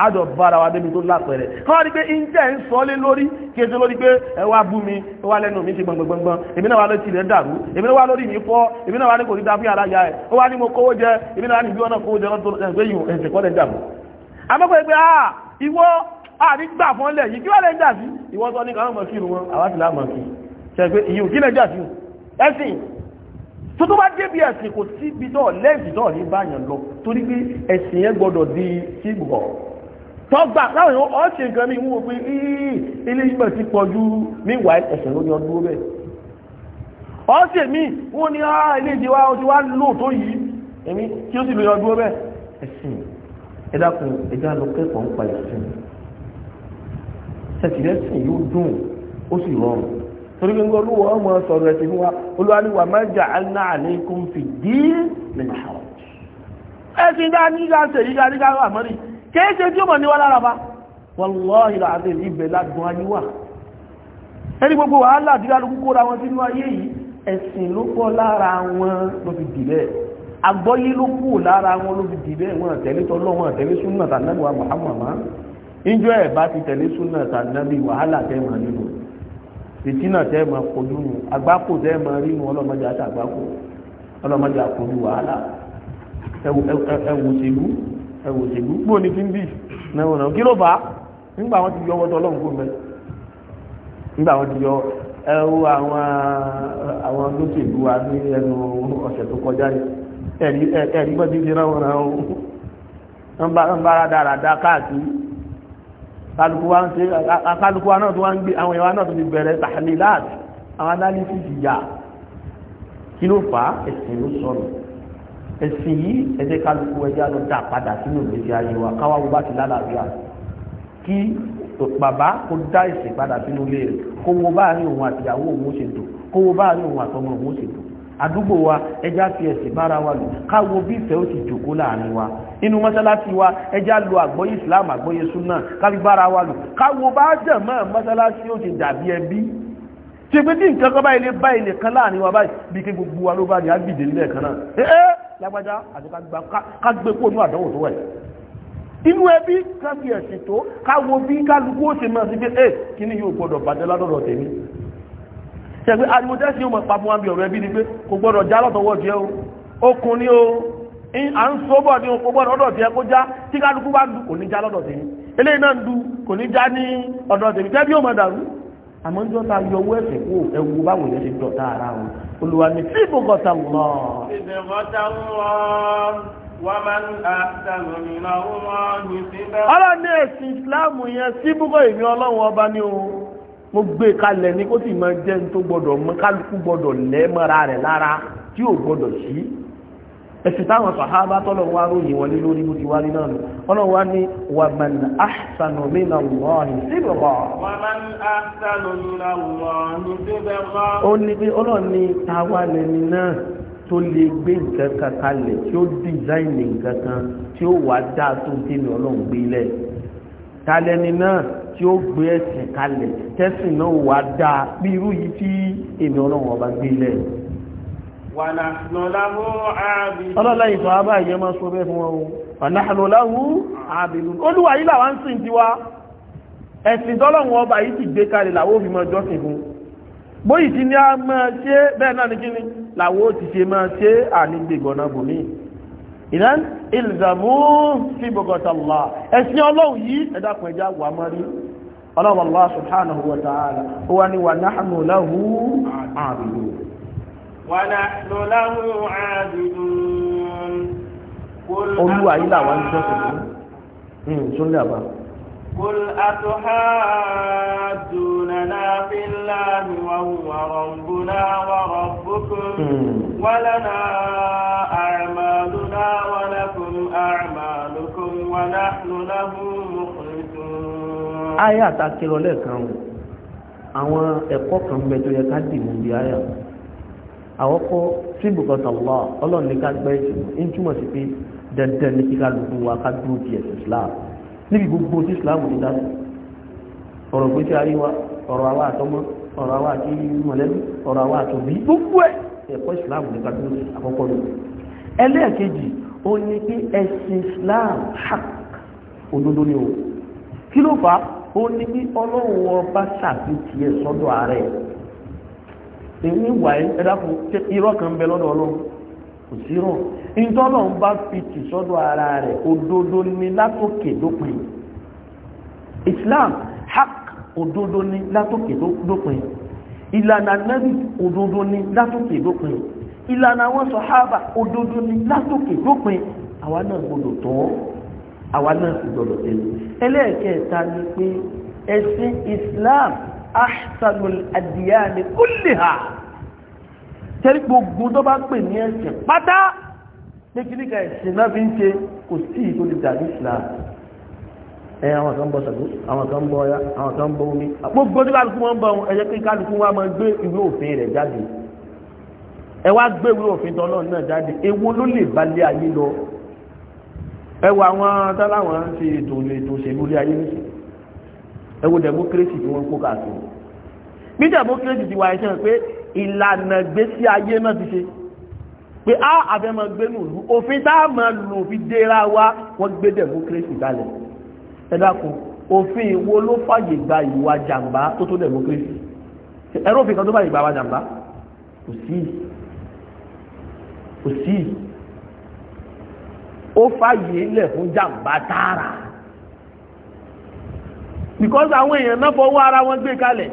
àjọ bára wa débi tó lápẹẹrẹ kọ́ rí pé ìjẹ́ ń sọ lé lórí kéde lórí pé ẹ wá bú mi ẹ wá lẹ́nu mi ṣe gbọ̀ngbọ̀ngbọ̀n èmi náà wá lọ tilẹ̀ dàrú èmi náà wá lórí mi fọ́ èmi náà wá ní ìwọ àrígbà fún lẹ̀ yìí kí wọ́n lẹ́ jà sí ìwọ tó ní káwọn mọ̀ sí ìrùn wọn àwọn àtìlá mọ̀ sí ṣẹ̀gbẹ́ ìyíò kí lẹ́ jà sí ẹ̀sìn tó tó bá débi ẹ̀sìn kò sí ibi náà lẹ́ẹ̀sì náà ní báyàn lọ torí pé ẹ̀sìn yẹn gbọ́dọ̀ di síbùkọ̀ tọ́gbà láwọn èèyàn ọ̀ṣẹ̀ nǹkan mi wọ́n pé ilé ìgbà ti pọ̀ ju míwàá ẹ̀sìn ló ní ọdún bẹ́ẹ̀ ọ̀ṣẹ̀ mi wọ́n ní ah, ilé ìdíwá ọdún wá lò tó yìí èmi kí ó sì lè ọdún bẹ́ẹ̀ ẹ̀sìn ẹ dákun ẹjọ́ àlọ́ kẹ́kọ̀ọ́ ń pa ìsìn sẹ́tìlẹ́sìn yóò dùn ó sì rọrùn torí gbogbo olúwa ọmọ sọ̀rọ̀ ẹ̀sìn fún wa olúwa ní wa ma ja'alna alaykum fid-din min haraj ẹ̀sìn dá nígbà ṣe yíga nígbà wà mọ́rí kìí ṣe tí ó mọ̀ níwá lára bá wallahi al-azim ibẹ̀ ládùn ayíwà ẹni gbogbo wàhálà dídá lókúkó ra wọn sínú ayé yìí ẹ̀sìn ló pọ̀ lára wọn ló fi dì bẹ́ẹ̀ agbọ́yí ló kù lára wọn ló fi dìbẹ́ wọn tẹ̀lé tọ́lọ́ wọn tẹ̀lé súnà tànàbí wa Muhammad má ìjọ ẹ̀ bá ti tẹ̀lé súnà tànàbí wàhálà tẹ́mà nínú ìtínà tẹ́mà kojú nù agbáko tẹ́mà rínú ọlọ́mọdé àti agbáko ọlọ́mọdé àkojú wàhálà ẹ̀wòṣèlú ẹ̀wòṣèlú gbóò ní fíńbì náà náà kí ló fà á nígbà wọn ti yọ ọwọ́ tọ́lọ́ nígbà wọn ti yọ ẹ wo àwọn àwọn lóṣèlú wa ní ẹnu ọ̀sẹ̀ tó kọjá yìí ẹ̀rí bọ́ ti fi rán wọn rán wọn ń bára dáradá káàkiri kálukú wa náà tó wá ń gbé àwọn ìwà náà tó ti bẹ̀rẹ̀ tàhálíláàtì àwọn analysis ìyà kí ló fà á ẹ̀sìn ló sọ̀rọ̀ ẹ̀sìn yìí ẹ̀jẹ̀ kálukú ẹ̀jẹ̀ ló dà padà sínú ìgbésí ayé wa káwá wo bá ti lálàáfíà kí bàbá kó dá ìsìn padà sínú ilé rẹ̀ kó wo báàrin òun àtìyàwó òun ó ṣètò kó wo báàrin àdúgbò wa ẹjá fi ẹ̀sìn bára wa lò káwo bí ìfẹ́ ó ti jòkó láàrin wa inú mọ́sálásí wa ẹjá lo àgbọ́yé islam àgbọ́yé súnà káfi bára wa lò káwo bá jẹ̀ mọ́ mọ́sálásí ó ti dàbí ẹbí ṣe pé tí nǹkan kan báyìí lè bá ilé kan láàrin wa báyìí bí kí gbogbo wa ló bá ní agbèdè nílẹ̀ kan náà ẹ lágbájá àti ká kó inú àdánwò tó wà inú ẹbí káfi ẹ̀sìn tó káwo bí kálukú ó ṣe máa ṣẹ̀gbẹ́ ariwo tẹ́sí ọmọ papọ̀ wọn bí ọ̀rọ̀ ẹbí ni pé kò gbọ́dọ̀ já lọ́tọ̀wọ́ jẹ́ o okùn ni o à ń sọ́bọ̀ ni kò gbọ́dọ̀ ọ̀dọ̀ tiẹ̀ kó já tí kálukú bá du kò ní já lọ́dọ̀ tèmi eléyìí náà ń du kò ní já ní ọ̀dọ̀ tèmi tẹ́bí ọmọ dàrú àmọ́ ń jọta yọ owó ẹ̀sẹ̀ kó ẹwu báwo yẹn ti dọ̀tá ara wọn olùwà ni tí mo gọ̀tà lọ. ọlọ́ni ẹ̀sìn ìsìláàmù yẹn síbúkọ̀ ìmí ọlọ́run ọba ni o mo gbé kalẹ̀ ní kó sì máa jẹ́ ní tó gbọ́dọ̀ mọ kálukú gbọ́dọ̀ lẹ́ mọ́ra rẹ̀ lára tí ò gbọ́dọ̀ sí ẹ̀sìn táwọn sàhábà tọ́lọ̀ wá wọlé lórí bó ti wá rí nù ọlọ́ wá ní wa man ahsanu minallahi sibgha wa man ahsanu minallahi sibgha ó ní pé ọlọ́ni táwa lẹ́ni náà tó lè gbé nǹkan kan kalẹ̀ tí ó dìzáìnì nǹkan kan tí ó wà dáa tó ń tẹ́lẹ̀ ọlọ́run gbé talẹni náà tí ó gbé ẹ̀sìn kalẹ̀ tẹ́sìn náà wà dáa bí irú yìí tí èmi ọlọ́run ọba gbé lẹ̀. ọlọ́lá ìtọ́ abá ìyẹn máa sọ bẹ́ẹ̀ fún wọn o ọ̀nàhàlò láwù àbìlú olúwa yìí làwọn ń sìn tiwa ẹ̀sìn tọ́lọ́run ọba yìí ti gbé kalẹ̀ làwọn òfin máa jọ́sìn fún bóyìí ti ní a máa ṣe bẹ́ẹ̀ náà ní kíni làwọn ó ti ṣe máa ṣe ànígbègbọ̀nà bòmíì ìdán ìlzàmú fi bọ̀gọ̀tàlá ẹ̀sìn ọlọ́run yìí ẹ̀dàkùn ẹja wà mọ́rí ọlọ́run Allah subhanahu wa ta'ala ó wá ní wà nahnu lahu abidun wa قل أتحاجوننا في الله وهو ربنا وربكم hmm. ولنا أعمالنا ولكم أعمالكم ونحن له مخلصون آية تأكل لكم àwọn ẹ̀kọ́ kan bẹ tó yẹ ká dìmú bí àyà àwọ́kọ́ tí bùkọ́tà wà ọlọ́run ní ká gbẹ́ ìṣòro ń túmọ̀ sí pé dandan ní kíkà lùkún wa ká dúró di ẹ̀sìn Islam níbi gbogbo tí ìsìláàmù ti dájú ọ̀rọ̀ pé tí a rí wa ọ̀rọ̀ àwa àtọmọ ọ̀rọ̀ àwa àti mọ̀lẹ́bí ọ̀rọ̀ àwa àtòbí gbogbo ẹ̀ ẹ̀kọ́ ìsìláàmù nípa tó àkọ́kọ́ lọ ẹlẹ́ẹ̀kejì ó ní pé ẹ̀sìn islam hak òdodo ni o kí ló fà á ó ní pé ọlọ́run ọba ṣàfihàn ẹ̀ sọ́dọ̀ ààrẹ èyí wà ẹ̀ dákun irọ́ kan bẹ lọ́dọ̀ ọlọ́run kò sí rọ̀ ìtọ́nà ń bá fi tì sọ́dọ̀ ara rẹ̀ òdodo ni látòkè dópin Islam hak òdodo ni látòkè dópin ìlànà nẹ́bí òdodo ni látòkè dópin ìlànà àwọn sọ̀hábà òdodo ni látòkè dópin àwa náà gbọdọ̀ tọ́ àwa náà sì gbọdọ̀ tẹ̀lé ẹlẹ́ẹ̀kẹta ni pé ẹ̀sìn Islam ahsanul adiyani kulliha tẹ́rí gbogbo tó bá pè ní ẹ̀sìn pátá ní kíníkà ẹ̀sìn náà fi ń ṣe kò sí ìtò lè dàbí Islam ẹ àwọn kan bọ sàgbó àwọn kan bọ ọyá àwọn kan bọ omi gbogbo tó kálukú wọn bọ ohun ẹ̀yẹ kí kálukú wọn máa gbé ìwé òfin rẹ̀ jáde ẹ wá gbé ìwé òfin tọ́lọ́ náà jáde èwo ló lè balẹ̀ ayé lọ ẹ wo àwọn táláwọn ń ṣe ètò ètò òṣèlú ilé ayé nìṣẹ́ ẹ wo democracy tí wọ́n kó káàkiri ìlànà gbésí ayé náà ti ṣe pé á àfẹ́mọ̀ gbénú ìlú òfin táàmà lò fi dẹ́ra wá wọ́n gbé democracy dálẹ̀ ẹ dákun òfin wo ló fàyè gba ìwà jàǹbá tó tó democracy ẹ̀rọ òfin kan tó fàyè gba ìwà jàǹbá kò sí kò sí ó fàyè lẹ̀ fún jàǹbá tààrà because àwọn èèyàn náà fọwọ́ ara wọn gbé kalẹ̀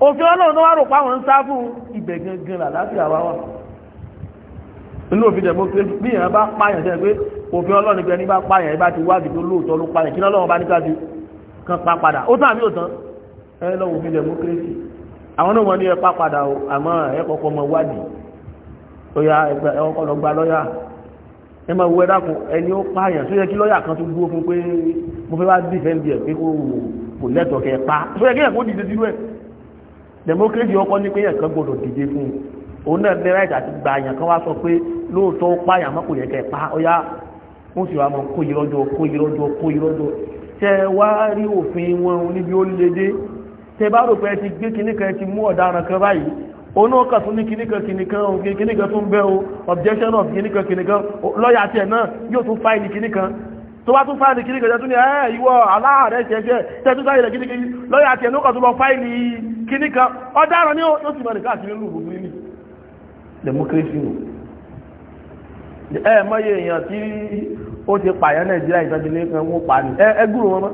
òfin ọlọ́run tó wá rò páwọn ń sá fún ibẹ̀ gangan làlàáfíà wa wà nínú òfin democracy bí èèyàn bá pààyàn sẹ́yìn pé òfin ọlọ́run gbẹ ní bá pààyàn ibà ti wádìí tó lóòótọ́ ló pààyàn kí lọ́lọ́run bá ní káàdì kan pa padà ó tàn àbí ò tán ẹ lọ òfin democracy àwọn náà wọn ní ẹ pa padà o àmọ́ ẹ kọ́kọ́ mọ wádìí ó yá ẹgbẹ́ ẹ kọ́kọ́ lọ gba lọ́yà ẹ máa wọ ẹ dákun democracy ọkọ ní pé yẹn kan gbọdọ̀ dìde fún un òun náà ní ráìtì àti gba àyàn kan wá sọ pé lóòótọ́ ó pa àyàn mọ́ kò yẹ kẹ́ pa ó yá wọ́n sì wá mọ́ kó yìí rọ́jò kó yìí rọ́jò kó yìí rọ́jò tẹ wá rí òfin wọn níbi ó lè dé tẹ bá rò pé ẹ ti gbé kinní kan ẹ ti mú ọ̀daràn kan báyìí òun náà kà tún ní kinní kan kinní kan òun kinní kan tún bẹ́ o objection of kinní kan kinní kan lọ́ọ̀yà tiẹ̀ náà yóò tún fáìlì kinní kan tó bá tún fáìlì kinní kan tẹ́ tún ní ẹ ìwọ aláàrẹ̀ ṣẹ̀ṣẹ̀ tẹ́ tún sáyẹ̀ kinní kan lọ́ọ̀yà tiẹ̀ ló kà tún lọ fáìlì kìíní kan ọ̀daràn ní ó sì mọ̀rìn káàkiri ní gbogbo nínú democracy nù ẹ mọ́yé èèyàn tí ó ti pààyàn nàìjíríà ìtọ́júlé kan wọ́n pa ní ẹgbùrù wọn mọ́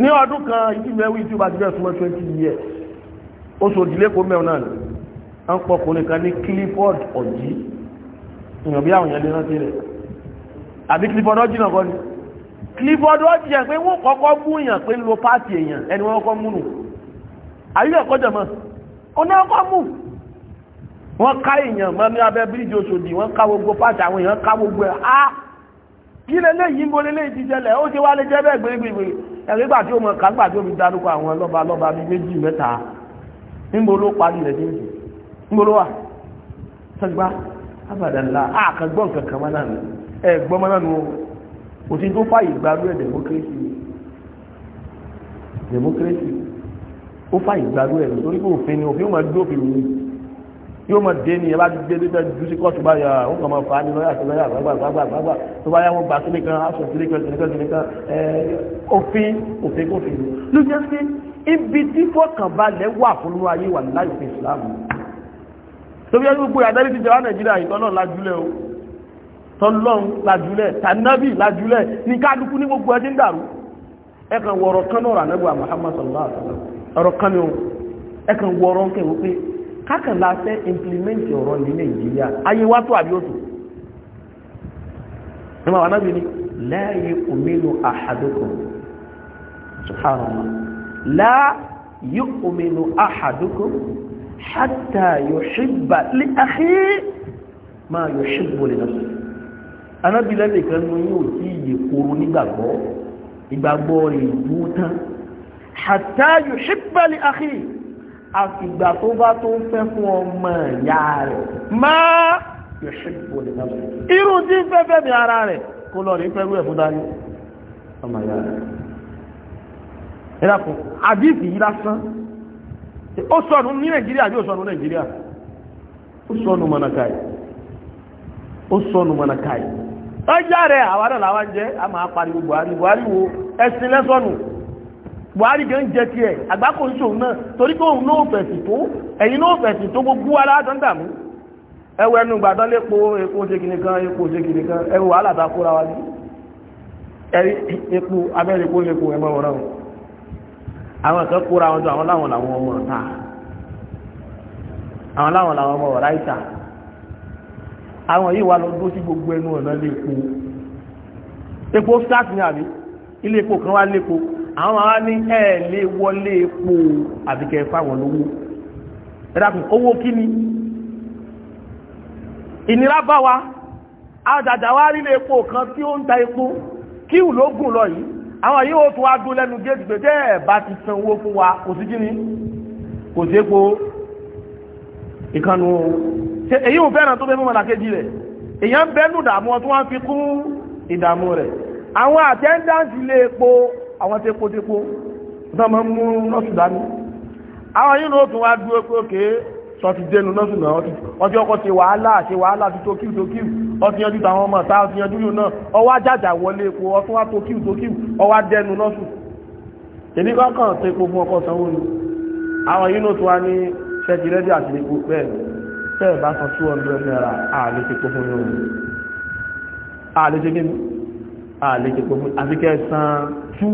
ní ọdún kan ìjìnlẹ̀ wí tí ó bá ti bẹ́ẹ̀ súnmọ́ 20 years ó so òdìlé kó mẹ́rin náà ń pọkùnrin kan ní Clifford ọ̀jí ìyàn bí àwọn èèyàn lè rántí rẹ̀ àbí Clifford ọ̀jí náà kọ́ ni Clifford ọ̀jí yẹn pé wọ́n kọ́kọ́ mú ayé ẹ̀kọ́ jẹ̀mọ́ onáfàmù wọ́n ká èèyàn mọ́ ní abẹ́ bíríjì Òṣòdì wọ́n ká gbogbo pàtàkì àwọn èèyàn ká gbogbo ẹ̀ á kí lélẹ́ yìí mo lélẹ́ ti jẹlẹ̀ ó ti wá lè jẹ́ bẹ́ẹ̀ gbégbégbé ẹ̀rí gbà tí ó mọ ká gbà tí ó fi darúkọ àwọn lọ́ba lọ́ba bíi méjì mẹ́ta níbo ló parí rẹ̀ dé níbo ló wà sọgbà abàdànlá àkàgbọ́n kankan mọ́ náà ẹ̀ gbọ́ mọ́ náà nù ó ti tó fàyè gbárù ẹ̀ democracy democracy ó fà ìgbàlú ẹ̀ nítorí pé òfin ni òfin ó máa dófin mi yóò máa dé ní ẹbá gbé dé ju sí kọ́ọ̀tù báyà ó kàn máa fà á ní lọ́yà sí lọ́yà gbàgbàgbàgbà tó bá yá wọn gbà sílé kan aṣọ sílé kan sílé kan sílé kan òfin òfin kò fi ló jẹ́ sí ibi tí fọkànbalẹ̀ wà fún inú ayé wà láì fi ìsìlámù tóbi ẹni gbogbo àdáyé ti jẹwà nàìjíríà yìí tọ́lọ́ lajúlẹ̀ o tọ́lọ́ lajúlẹ̀ tànàbì lajúlẹ̀ ní kálukú ní gbogbo ẹjẹ́ ń dàrú ẹ kàn wọ̀rọ̀ kan náà rà nẹ́gbà Muhammad sallallahu alaihi wa sallam ọ̀rọ̀ kan mi o ẹkàn wọ ọ̀rọ̀ ńkẹ́ wípé kákànlá fẹ́ implement ọ̀rọ̀ ní nàìjíríà ayé wá tó àbí òtù nígbà wà náà bí ní láàyè òmìnú àhàdókò subhanallah láàyè òmìnú àhàdókò hátà yuhibba li ìgbàgbọ́ rẹ̀ hatta yuhibba li akhi àfìgbà tó bá tó ń fẹ́ fún ọmọ ìyá rẹ̀ máa yuhibbu li nafsi irú tí ń fẹ́fẹ́ mi ara rẹ̀ kó lọ rí pẹ́rú ẹ̀ fún dání ọmọ ìyá rẹ̀ ẹ̀dàkùn àdífì yí lásán ó sọnù ní nàìjíríà yóò sọnù nàìjíríà ó sọnù mọ̀nàkàì ó sọnù mọ̀nàkàì ọjà rẹ̀ àwọn buhari gan jẹ tiẹ̀ àgbákò ń ṣòun náà torí pé òun náà fẹ̀sì tó ẹ̀yin náà fẹ̀sì tó gbogbo aláàtọ̀ ń dàmú ẹwọ ẹnu gbàdán lépo epo ṣèkìní kan epo ṣèkìní kan ẹwọ wàhálà tá a kóra wa ní ẹrí epo abẹ́rẹ́ epo lépo ẹmọ wọn náà àwọn kan kóra wọn jọ àwọn láwọn làwọn ọmọ ọ̀tá àwọn láwọn làwọn ọmọ ọ̀rá ìta àwọn yìí wà lọ sí gbogbo ẹnu ọ̀nà lépo epo start ní àbí ilé epo kan wá lépo àwọn àwọn ní ẹ̀ lè wọlé epo àbíkẹ́ fáwọn lówó ẹ̀dàkùn owó kí ni ìnira bá wa àdàdà wá rí lè epo kan tí ó ń ta epo kí ù ló gùn lọ yìí àwọn yìí ó tó wá dún lẹ́nu géètì pé tẹ́ ẹ̀ bá ti san owó fún wa kò sí kíni kò sí epo ìkànnù èyí ò fẹ́ràn tó fẹ́ fún mọ̀lákejì rẹ̀ èyàn bẹ́nu dààmú ọ tó wá fi kún ìdààmú rẹ̀ àwọn àtẹ́ńdáǹsì lè epo àwọn tepotepo náà máa ń mú nọ́ọ̀sù dání àwọn yìí ló tún wá dúró pé òkè sọ ti dénú nọ́ọ̀sù náà ọjọ́ ọkọ̀ ti wàhálà ṣe wàhálà ti tó kíù tó kíù ọtí yanjú tàwọn ọmọ ta ọtí yanjú yìí náà ọwọ́ àjàjà wọlé epo ọtún wá tó kíù tó kíù ọwọ́ dẹnu nọ́ọ̀sù èmi kọ́kàn tó epo fún ọkọ̀ sanwó ni àwọn yìí ló tún wá ní ṣẹ́jì rẹ́dí àti epo bẹ́ẹ̀ bẹ́ẹ̀ bá san two hundred naira àlè tú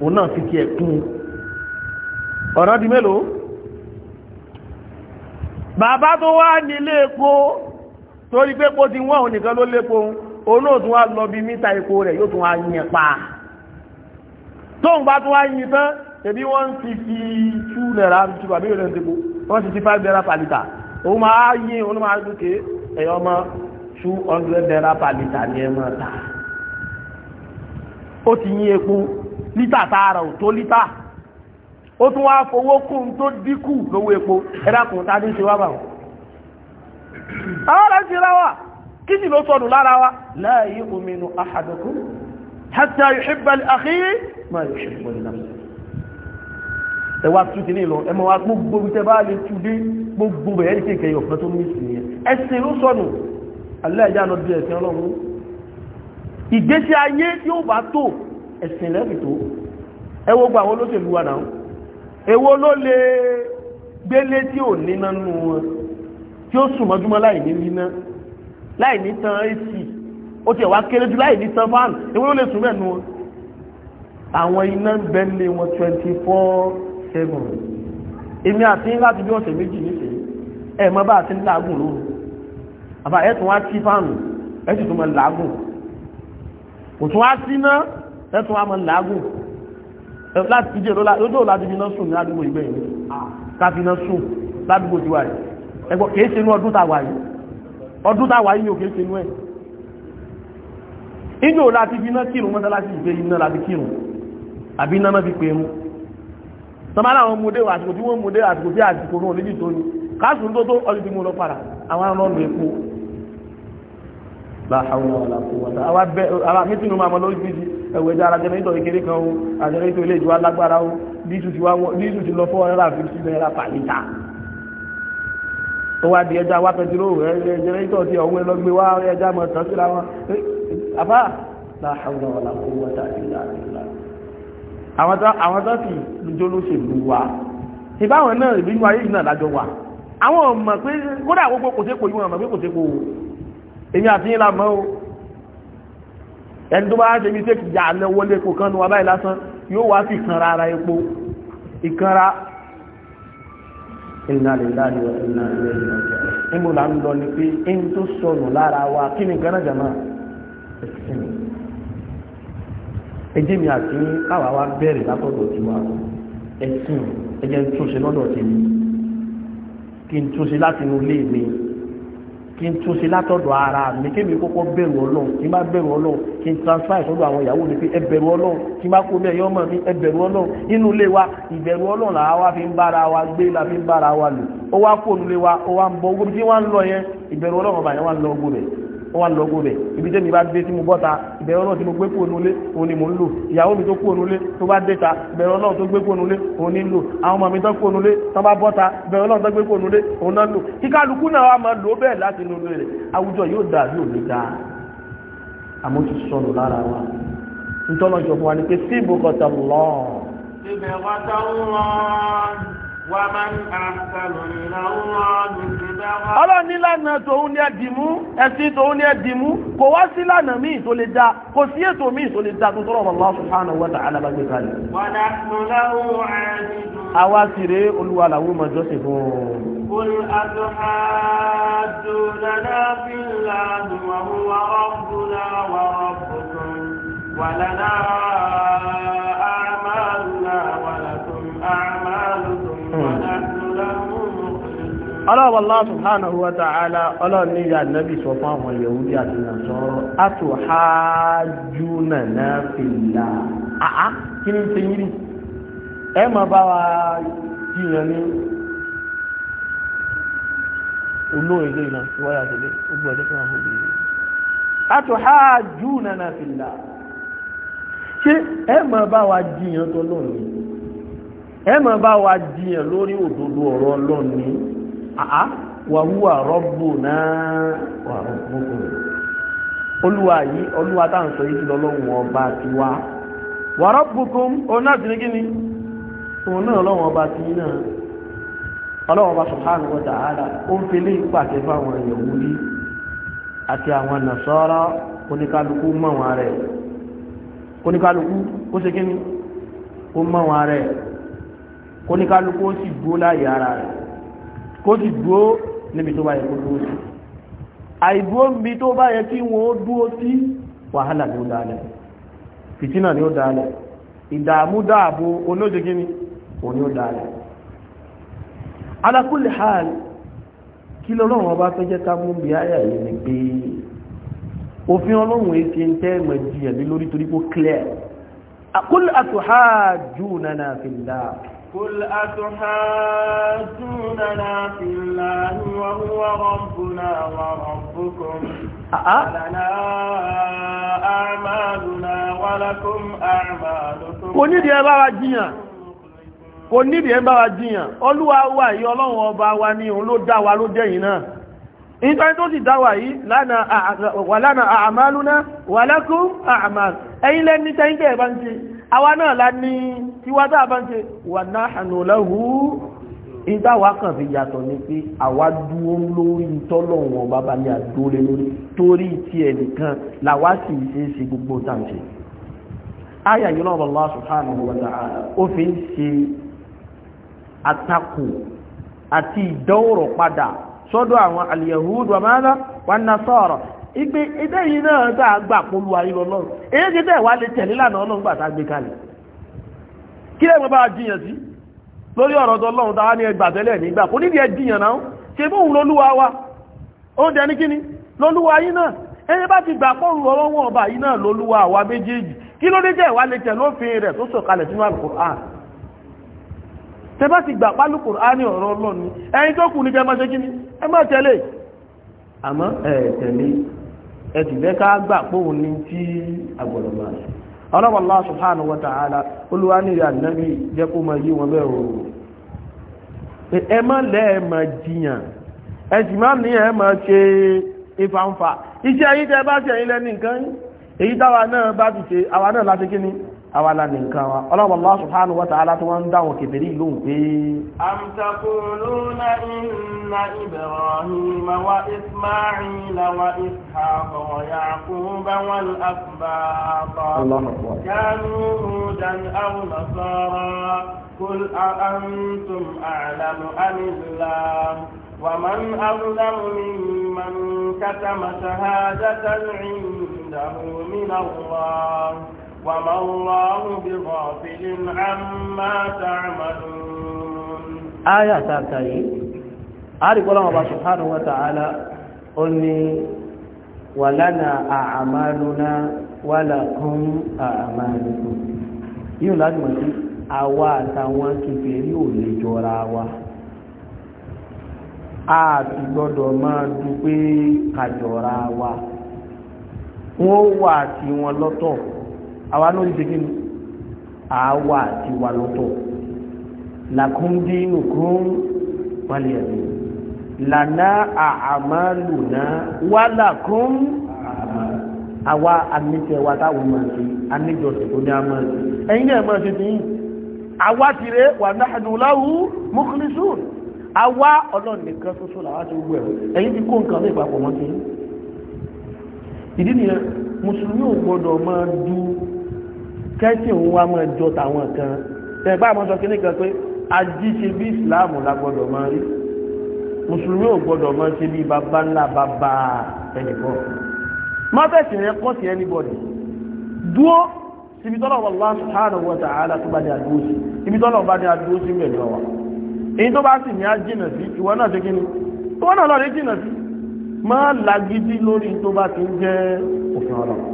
òun náà fi tiẹ̀ kún ọ̀rọ̀ di mélòó bàbá tó wá nílé epo torí pé epo ti wọ́n òun nìkan ló lépo olóòtún wá lọ bí mítà epo rẹ̀ yóò tún wá yẹn pa tóun bá tún wá yin tán tẹ̀bí wọ́n ti fi tú lẹ́ra tú bàbí yóò lẹ́nu tẹ́kù wọ́n ti fi five naira per òun máa yin òun máa dúkè ẹ̀yọ́ ọmọ two hundred naira per litre ni ó ti yín epo lítà tààrà ò tó lítà ó tún wá fowó kún tó dínkù lówó epo ẹ dákun ta ní ṣe wá báwọn. àwọn ọ̀rẹ́ ti ra wa kí ni ló sọnù lára wa la yu'minu ahadukum hatta yuhibba li akhihi ma yuhibbu li nafsihi ẹ wá tún ti ní lọ ẹ mọ wá gbogbo ibi tẹ bá lè tún dé gbogbo bẹ̀rẹ̀ ní kéèké ọ̀fẹ́ tó ní ìsìn yẹn ẹsìn ló sọnù alẹ́ ìyá lọ bí ẹ̀sìn ọlọ́run ìgbésí ayé tí ó bá tó ẹ̀sìn lẹ́bì tó ẹwọ́ gba àwọn olóṣèlú wa náà èwo ló lè gbélé tí ò níná nù wọn tí ó sùn mọ́júmọ́ láì ní níná láì ní tan ac ó ti ẹ̀wà kéré jù láì ní tan fan èwo ló lè sùn mẹ́nu wọn àwọn iná ń bẹ lé wọn twenty four seven èmi àti láti bí ọ̀sẹ̀ méjì nífẹ̀ẹ́ ẹ̀ mọ́ bá a ti ń láàgùn lóru àbá ẹ̀ tún wá tí fáànù ẹ̀ sì tún mọ́ láàgùn kò tún wá síná ẹ̀tún àmọ́ làágùn láti jẹ́ lójó láti fi iná sùn ní àdúgbò ìgbẹ́ ìlú káfí iná sùn ládùúgbò tí wà yìí ẹgbọ́ kìí ṣe inú ọdún tàwà yìí ọdún tàwà yìí ò kìí ṣe inú ẹ̀ inú ò láti fi iná kírun mọ́sálásí ìgbé iná láti kírun àbí iná náà fi pè mú tọ́mọ́lá àwọn ọmọdé àsìkò tí wọ́n mọdé àsìkò tí àsìkò náà lójì tó ní káàsùn tó tó ọdún tí mo lọ para àwọn ọlọ́run èpo láhàwọn ọ̀làkùnwọ̀ta àwọn mítínú máa mọ́ lórí bí ẹwẹ̀ jẹ́ ara jẹ́nẹ́tọ̀ ìkéré kan o àjẹ́nẹ́tọ̀ ilé ìjọba lágbára o díṣù ti lọ fún ọ̀rẹ́lá fi sí náírà pàlítà tó wá di ẹja wá pẹtiró jẹ́nẹ́tọ̀ ti ọ̀hún ẹlọ́gbé wá ẹja mọ̀ tán síra wọn àbá láhàwọn ọ̀làkùnwọ̀ta àwọn tó sì lójó lóṣèlú wa ìbáwọn náà ìbínú ayé yìí náà lájọ wà àwọn ọmọ pé kódà gbogbo kòtẹ́kò yìí wọn ọmọ pé kòtẹ́kò èmi àti yín làmọ́ o ẹni tó bá ṣe mi tẹ́kì jà lẹ́wọ́ lẹ́kọ̀ọ́ kan ní wà báyìí lásán yóò wá sí ìkanra ara epo ìkanra inna lillahi wa inna ilayhi raji'un níbo là ń lọ ni pé ẹni tó sọnù lára wa kí ni nǹkan náà jàmá ẹsìn ẹjẹ mi àti káwa wa bẹ̀rẹ̀ látọ̀dọ̀ tiwa ẹsìn ẹjẹ ń túnṣe lọ́dọ̀ tèmi kí n túnṣe látinú ilé mi kí n túnṣe látọ̀dọ̀ ara mi kí mi kọ́kọ́ bẹ̀rù ọlọ́run kí n bá bẹ̀rù ọlọ́run kí n transfer ìtọ́jú àwọn ìyàwó mi pé ẹ ọlọ́run kí n bá kó bẹ́ẹ̀ yọ́mọ̀ mi ẹ ọlọ́run inú ilé wa ìbẹ̀rù ọlọ́run làá wá fi ń bára wa gbé la fi ń bára wa lò ó wá kó nílé wa ó wá ń bọ ogun tí wọ́n ń lọ yẹn ìbẹ̀rù ọlọ́run ọba yẹn wá ń lọ ogun rẹ̀ ó wà lọ́gbọ́ bẹ̀ ibi tẹ́mi bá dé tí mo bọ́ta ìbẹ̀rẹ̀ ọlọ́run tí mo gbé kúrò nulé òun ni mò ń lò ìyàwó mi tó kúrò nulé tó bá dé ta ìbẹ̀rẹ̀ ọlọ́run tó gbé kúrò nulé òun ni lò àwọn ọmọ mi tó kúrò nulé tó bá bọ́ta ìbẹ̀rẹ̀ ọlọ́run tó gbé kúrò nulé òun náà lò kíkálukú náà wà máa lò bẹ́ẹ̀ láti inú ilé rẹ̀ àwùjọ yóò dà bí òní dáa àmọ́ ti sọnù lára wa nítorí ọjọ́ fún wa ni pé sí ìbùkọ̀tà lọ́ọ̀ ọlọ́run ní lánàá tòun ní ẹ̀dìmú ẹ̀sìn tòun ní ẹ̀dìmú kò wá sí lánàá míì tó lè dáa kò sí ètò míì tó lè dáa tó tọrọ Allah subhanahu wa ta'ala bá gbé kalẹ̀. àwa sì rèé olúwa làwọn ọmọ ìjọsìn fún un. قل أتحاجوننا في الله وهو ربنا وربكم ọlọ́wọ́ Allah subhanahu wa ta'ala ọlọ́ni ìyá nẹ́bí sọ fún àwọn Yahudi àti Nasara atuhajjunana fillah àá kí ní ṣe yìí ẹ ma bá wa jìyàn ní olóòrè ilé ìlànà tí wáyà tẹ̀lé ogun ẹ̀dẹ́ fún àwọn obìnrin atuhajjunana fillah ṣé ẹ ma bá wa jìyàn tó lónìí ẹ ma bá wa jìyàn lórí òdodo ọ̀rọ̀ lónìí àá wàhúwà rọ́bù náà wà rọ́bù olúwa yìí olúwa táwọn sọ yìí ti lọ lọ́wọ́ ọba ti wá wà rọ́bù kún òun náà ti ní kí ni òun náà lọ́wọ́ ọba ti yín náà ọlọ́wọ́ bá subhanahu wa ta'ala ó ń fi lé pàṣẹ fáwọn Yahudi àti àwọn Nasara oníkálukú mọ̀wọ́n rẹ̀ oníkálukú ó ṣe kí ni ó mọ̀wọ́n rẹ̀ oníkálukú ó sì gbó láyé ara rẹ̀ kó sì dúó níbi tó bá yẹ kó dúó sí àìdúó níbi tó bá yẹ kí wọ́n dúó sí wàhálà ni ó dálẹ̀ fìtínà ni ó dálẹ̀ ìdààmú dáàbò olóòjìgíní òní ó dálẹ̀ ala kulli kí lọ́rọ̀ ọba fẹ́ jẹ́ bí áyà yìí ni pé òfin ọlọ́run èsì ń tẹ́ ẹ̀mọ̀ jiyàn lórí torí kó clear akul قل أتحاجوننا في الله وهو ربنا وربكم لنا أعمالنا ولكم أعمالكم kò nídìí ẹ bá kò nídìí ẹ bá wa jiyàn olúwa wa yìí ọlọ́run ọba wa ni òun ló dá wa ló dẹ̀yìn náà ìtàn tó sì dá wa yìí lánàá àmàlúná wà lakum àmàlú ẹ̀yin lẹ́ni tẹ́yìn tẹ́ ẹ̀ bá ń ṣe àwa náà la ní tiwa tá a bá ń ṣe wà náà hànú lẹ́hu ìgbà wa kàn fi yàtọ̀ ni pé àwa dúró lórí tọ́lọ̀ wọn bàbá ní àdúró lórí torí tiẹ̀ nìkan làwa sì ṣe é ṣe gbogbo tàǹṣe aya yìí lọ́wọ́ Allah subhanahu wa ta'ala ó fi ń ṣe àtakò àti ìdánwòrò padà sọ́dọ̀ àwọn al-yahud wa mada wa ìgbé ilé yìí náà tá a gbà polú ayé lọ́lọ́run èyí ti tẹ̀ wá lè tẹ̀lé lánàá ọlọ́run gbà tá a gbé kalẹ̀ kí lẹ́gbọ́n bá jiyàn sí lórí ọ̀rọ̀ tó lọ́run táwa ní ẹgbà tẹ́lẹ̀ nígbà kò nídìí ẹ jiyàn náà ṣe bóun lolúwa wa ó dẹ ní kíni lolúwa yín náà ẹni bá ti gbà pọ́rù ọlọ́wọ́n ọba yìí náà lolúwa àwa méjèèjì kí ló dé tẹ̀ wá lè tẹ̀ lófin rẹ̀ tó sọ̀kalẹ̀ sínú Al-Qur'an tẹ bá ti gbà pálù Kùránì ọ̀rọ̀ Ọlọ́run ẹni tó kù ní kẹ́ máa ṣe kíni ẹ máa tẹ̀lé àmọ́ ẹ̀ tẹ̀lé ẹ̀sìn bẹ́ ká gbà póhùn ní tí agbọ̀dọ̀ máa ṣe ọlọ́wọ́ Allah subhanahu wa ta'ala olúwa ní ìyá nàbí jẹ́ kó máa yí wọn bẹ́ẹ̀ o ẹ má lẹ́ ẹ máa jiyàn ẹ sì àwa la ní nǹkan wa ọlọ́run Allah subhanahu wa ta'ala tí wọ́n ń dáwọn kèfèrí ìlú ń pé. am taquluna inna ibrahima wa isma'ila wa ishaqa wa yaquba wal asbata kanu hudan ومن أظلم ممن كتم شهادة عنده من الله وما الله بغافل عما تعملون آية تاكاي أعرف الله سبحانه وتعالى أني ولنا أعمالنا ولكم أعمالكم yíò láti mọ̀ sí àwa àtàwọn kèfèrí ò lè jọra wa a ti gbọ́dọ̀ máa dúpẹ́ kàjọra wa wọ́n wà tí wọ́n lọ́tọ̀ àwa náà ń segin àwa àti wà lọ́tọ̀ làkúndínù kún wálé ẹ̀mí lànà àmàlùnà wàlàkún àwa àmìtẹ̀wà táwọn máa ṣe aníjọsìn tó ní a máa ṣe ẹ̀yìn náà máa ṣe ti yìn àwa ti rẹ̀ wà náà láwú mukhlisun àwa ọlọ́nìkan ṣoṣo làwa ti gbọ́ ẹ̀rọ ẹ̀yìn ti kó nǹkan ní ìpapọ̀ mọ́ sí ìdí nìyẹn mùsùlùmí ò gbọ́dọ̀ máa du kẹ́sì òun wa mọ́ ẹjọ́ tàwọn kan tẹ̀bá àmọ́ sọ kíní kan pé ajíṣe bí ìsìláàmù la gbọ́dọ̀ máa rí mùsùlùmí ò gbọ́dọ̀ máa ṣe bí bàbá ńlá bàbá ẹnìkan má fẹ̀sìn rẹ kọ́ sí anybody dúó síbi tọ́lọ̀ Allah subhanahu wa ta'ala tó bá ní àdúró sí ibi tọ́lọ̀ bá ní àdúró sí mẹ́rin ọwà èyí tó bá sì ní ajínà sí ìwọ náà ṣe kíni ìwọ náà lọ rí jìnà sí má lagidi lórí tó bá ti ń jẹ́ òfin ọlọ́run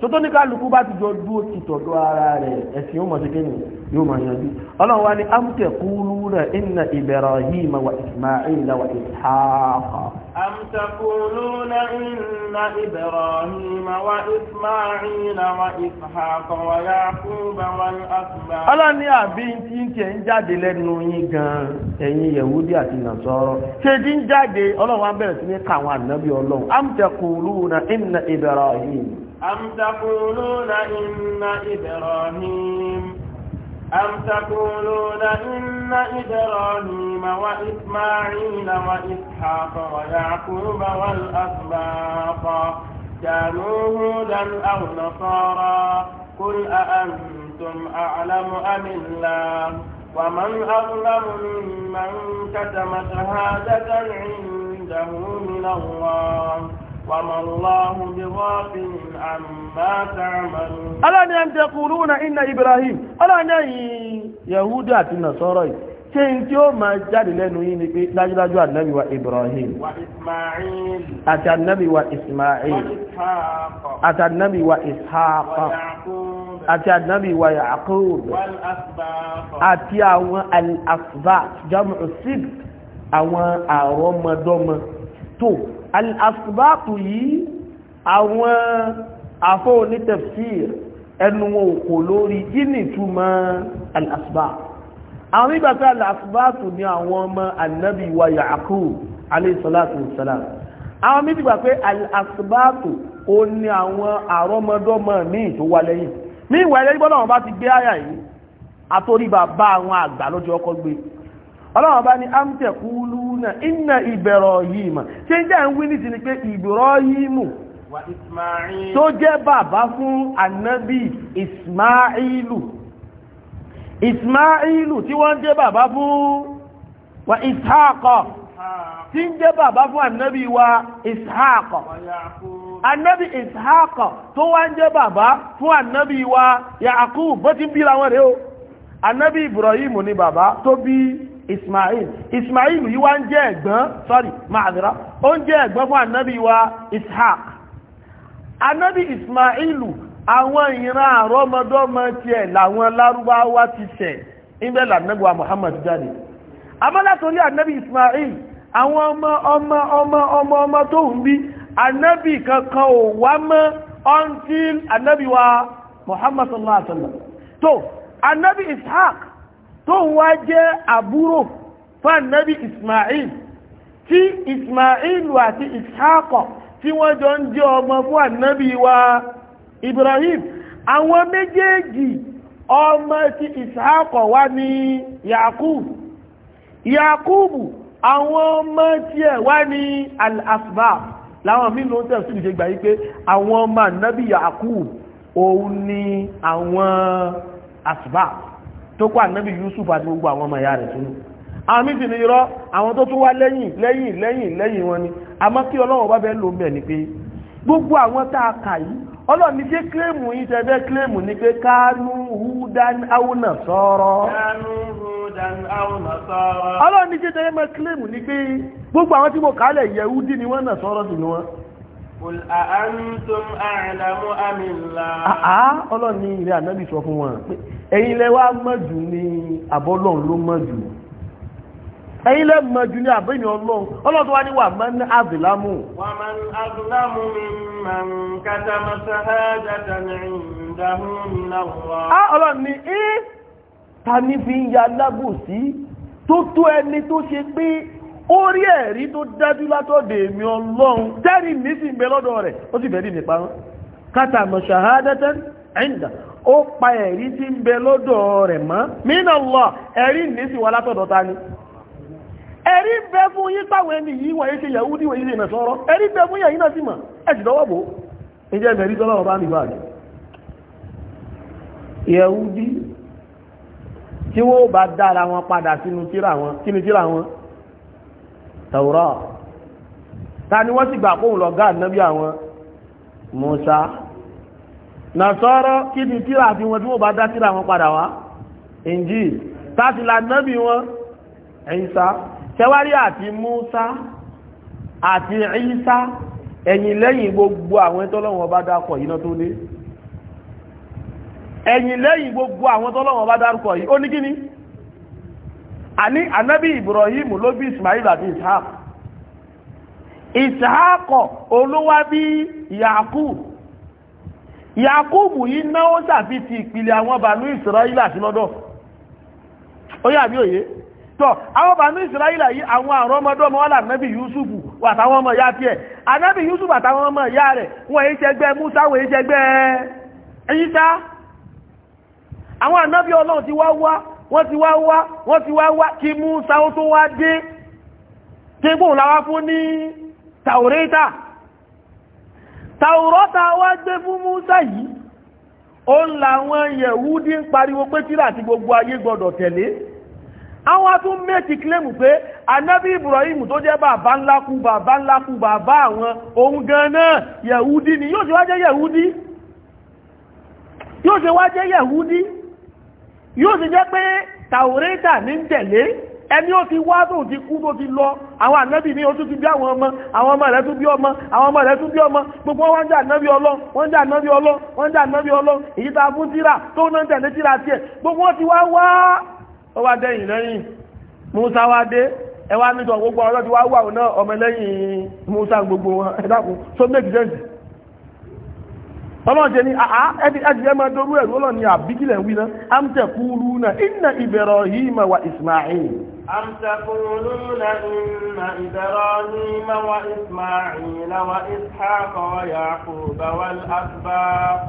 sọtọ́ ní kálukú bá ti jọ dúó ti tọ̀dọ̀ ara rẹ̀ ẹ̀sìn yóò sí kéèyàn yóò mọ̀ yanjú ọlọ́run ni amtẹ̀ kúrú rẹ̀ inna ibrahim wa ismail wa ishaqa. amtẹ̀ kúrú ọlọ́run ní àbí tí ń ń jáde lẹ́nu yín gan àti tí ń jáde ọlọ́run bẹ̀rẹ̀ sí ní kàwọn ọlọ́run amtẹ̀ kúrú rẹ̀ أم تقولون إن إبراهيم أم تقولون إن إبراهيم وإسماعيل وإسحاق ويعقوب والأسباط كانوا هودا أو نصارى قل أأنتم أعلم أم الله ومن أظلم ممن كتم شهادة عنده من الله وما الله بغافل عما تعملون ألا أن تقولون إن إبراهيم ألا أن يهود النصارى ṣe ń tí ó máa jáde lẹ́nu yìí ni pé dájúdájú ànábì wa Ibrahim àti ànábì wa Ismail àti ànábì wa àti ànábì Yaqub àti àwọn al-asbat jamu sibt àwọn àrọ́mọdọ́mọ tó al-asbáàtù yìí àwọn àfọ́ onítẹ̀fsír ẹnu wọn kò lórí kí ni túmọ̀ al-asbáàtù àwọn ìgbàtà al-asbáàtù ni àwọn ọmọ annabi wa Yaqub alayhi salatu wassalam àwọn méjì gbà pé al-asbáàtù ó ní àwọn àrọ́mọdọ́mọ míì tó wà lẹ́yìn ní ìwà ẹlẹ́gbọ́n náà wọ́n bá ti gbé àyà yìí àtorí bàbá àwọn àgbà lọ́jọ́ ọkọ̀ gbé ọlọ́wọ́ bá ní amtẹ̀kúlú náà iná Ibrahima ṣe ń jẹ́ ń wí nìtì ni pé Ibrahimu tó jẹ́ bàbá fún annabi Ismailu Ismailu tí wọ́n jẹ́ bàbá fún wa Ishaqa tí ń jẹ́ bàbá fún annabi wa Ishaqa annabi Ishaqa tó wá ń jẹ́ bàbá fún annabi wa Yaqub bó ti bí ra rẹ̀ o annabi Ibrahimu ni bàbá tó bí ismail ismail yìí wá ń jẹ́ ẹ̀gbọ́n sorry ma'adira ó ń jẹ́ ẹ̀gbọ́n fún anabi wa ishaq anabi ismail àwọn ìran àrọ́mọdọ́mọ tiẹ̀ làwọn lárúbáwá ti ṣẹ̀ níbẹ̀ lànàbí wa muhammad jáde amọ́látorí anabi ismail àwọn ọmọ ọmọ ọmọ ọmọ ọmọ tó ń bí anabi kankan ò wá mọ́ until anabi wa muhammad sallallahu alaihi wasallam tó anabi ishaq tóun wá jẹ́ àbúrò fánàbí Ismail tí Ismailu àti Ishaqo tí wọ́n jọ ń jẹ́ ọmọ fún wa Ibrahim àwọn méjèèjì ọmọ ti Ishaqo wá ní Yakub Yakubu àwọn ọmọ tí ẹ̀ wá ní al-asbab láwọn mí ló ń tẹ̀sí ìṣe gbà yìí pé àwọn ọmọ ànábì Yakub òun ni àwọn asbab tó kó ànábì Yusuf àti gbogbo àwọn ọmọ ìyá rẹ̀ sínú àwọn méjì ní irọ́ àwọn tó tún wá lẹ́yìn lẹ́yìn lẹ́yìn lẹ́yìn wọn ni àmọ́ kí Ọlọ́run bá fẹ́ lò mẹ́ ni pé gbogbo àwọn tá a kà yìí Ọlọ́run ní ṣé kílèmù yìí tẹ́ fẹ́ kílèmù ni pé kánú húdán áwùnà sọ̀rọ̀ Ọlọ́run ní tẹ́ fẹ́ kílèmù ni pé gbogbo àwọn tí mo kà á lẹ̀ Yẹhudi ni wọ́n nà sọ̀rọ̀ sí ni wọ́n Ah, ah, ọlọ́run ní ilé ànábì sọ fún wọn pé ẹ̀yin lẹ wá mọ̀jù ní àbọ́lọ́run ló mọ̀jù ẹ̀yin lẹ mọ̀jù ní àbẹ́ni ọlọ́run ọlọ́run tó wá ní wà mọ́ ní àbìlámù ọlọ́run ní ẹ́ ta ní fi ń ya lábòsí tó tó ẹni ó rí ẹ̀rí tó dájú látọ̀dọ̀ èmi ọlọ́run tẹ́rì ní sí ìgbẹ́ lọ́dọ̀ rẹ̀ ó sì bẹ̀rí nípa wọn kátà mọ̀ ṣàhádẹ́tẹ́ ẹ̀ǹdà ó pa ẹ̀rí tí ń bẹ lọ́dọ̀ rẹ̀ mọ́ mínà lọ ẹ̀rí ní sí wà látọ̀dọ̀ ta ni ẹ̀rí bẹ fún yín táwọn ẹni yìí wọ̀nyí ṣe yahoo díwọ̀ yìí ṣe nàṣọ́rọ́ ẹ̀rí bẹ fún yẹ̀yìn náà sì mọ̀ ẹ̀ sì lọ́wọ́ bò ó ìjẹ́ ẹ̀rí Tawra ta ni wọ́n sì gbà kóhùn lọ gáà nábí àwọn Musa Nasara kí ni tíra àti wọn tí wọ́n bá dá tíra wọn padà wá Injil tàti la nábí wọn Isa tẹwárí àti Musa àti Isa ẹ̀yìn lẹ́yìn gbogbo àwọn tọ́lọ́wọ́n bá dákọ̀ yìí náà tó ẹ̀yìn lẹ́yìn gbogbo àwọn tọ́lọ́wọ́n bá dárúkọ yìí ó ní kíni àní ànábì Ibrahim ló bí Ismail àti Ishaq Ishaq olówá bí Yakub Yakub yìí náwó sàfi ti ìpìlẹ̀ àwọn bànú Israel àti lọ́dọ̀ ó yà bí òye tọ́ àwọn bànú Israel yìí àwọn àrọ́mọdọ́mọ Yusuf wàtàwọn ọmọ ya tiẹ̀ ànábì Yusuf àtàwọn ọmọ ya rẹ̀ wọ́n èyí ṣẹgbẹ́ Musa wọ́n èyí ṣẹgbẹ́ Isa àwọn Ọlọ́run ti wá wá wọ́n ti wá wá wọ́n ti wá wá kí Musa ó tó wá dé tí gbóhùn láwá fún ní Taurata Taurata wá dé fún Musa yìí ó ń làwọn Yẹ̀húdí ń pariwo pé tíra àti gbogbo ayé gbọdọ̀ tẹ̀lé àwọn atún mẹ́tì kílẹ̀mù pé anábí Ibrahim tó jẹ́ bàbá ńlá bàbá ńlá bàbá àwọn ohun gan náà Yẹ̀húdí ni yóò ṣe wá jẹ́ Yẹ̀húdí yóò ṣe wá jẹ́ Yẹ̀húdí yóò ti jẹ́ pé tàwórẹ́tà ní ń tẹ̀lé ẹni ó ti wá tó ti kú tó ti lọ àwọn ànábì ní ojú ti bí àwọn ọmọ àwọn ọmọ rẹ̀ tún bí ọmọ àwọn ọmọ rẹ̀ tún bí ọmọ gbogbo wọn jẹ́ ànábì ọlọ́ wọn jẹ́ ànábì ọlọ́ wọn jẹ́ ànábì ọlọ́ èyí tá a fún tíra tó náà tẹ̀lé tíra tiẹ̀ gbogbo wọn ti wá wá ó wá dẹ́yìn lẹ́yìn Musa wá dé ẹ wá nítorí gbogbo ọlọ́ ti wá wà náà ọmọ lẹ́yìn Musa gbogbo wọn ẹ so make sense ọlọ́run ṣe ni ẹbí ẹjẹ́ máa dorú ẹ̀rú ọlọ́run ni àbíkílẹ̀ wí náà amtẹ̀kúrú náà inna Ibrahim wa Ismail أم تقولون إن إبراهيم وإسماعيل وإسحاق ويعقوب والأسباط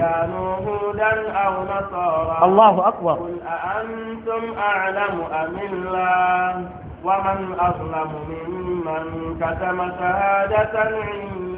كانوا هودا أو نصارى الله أكبر قل أأنتم أعلم أم الله ومن أظلم ممن كتم شهادة عند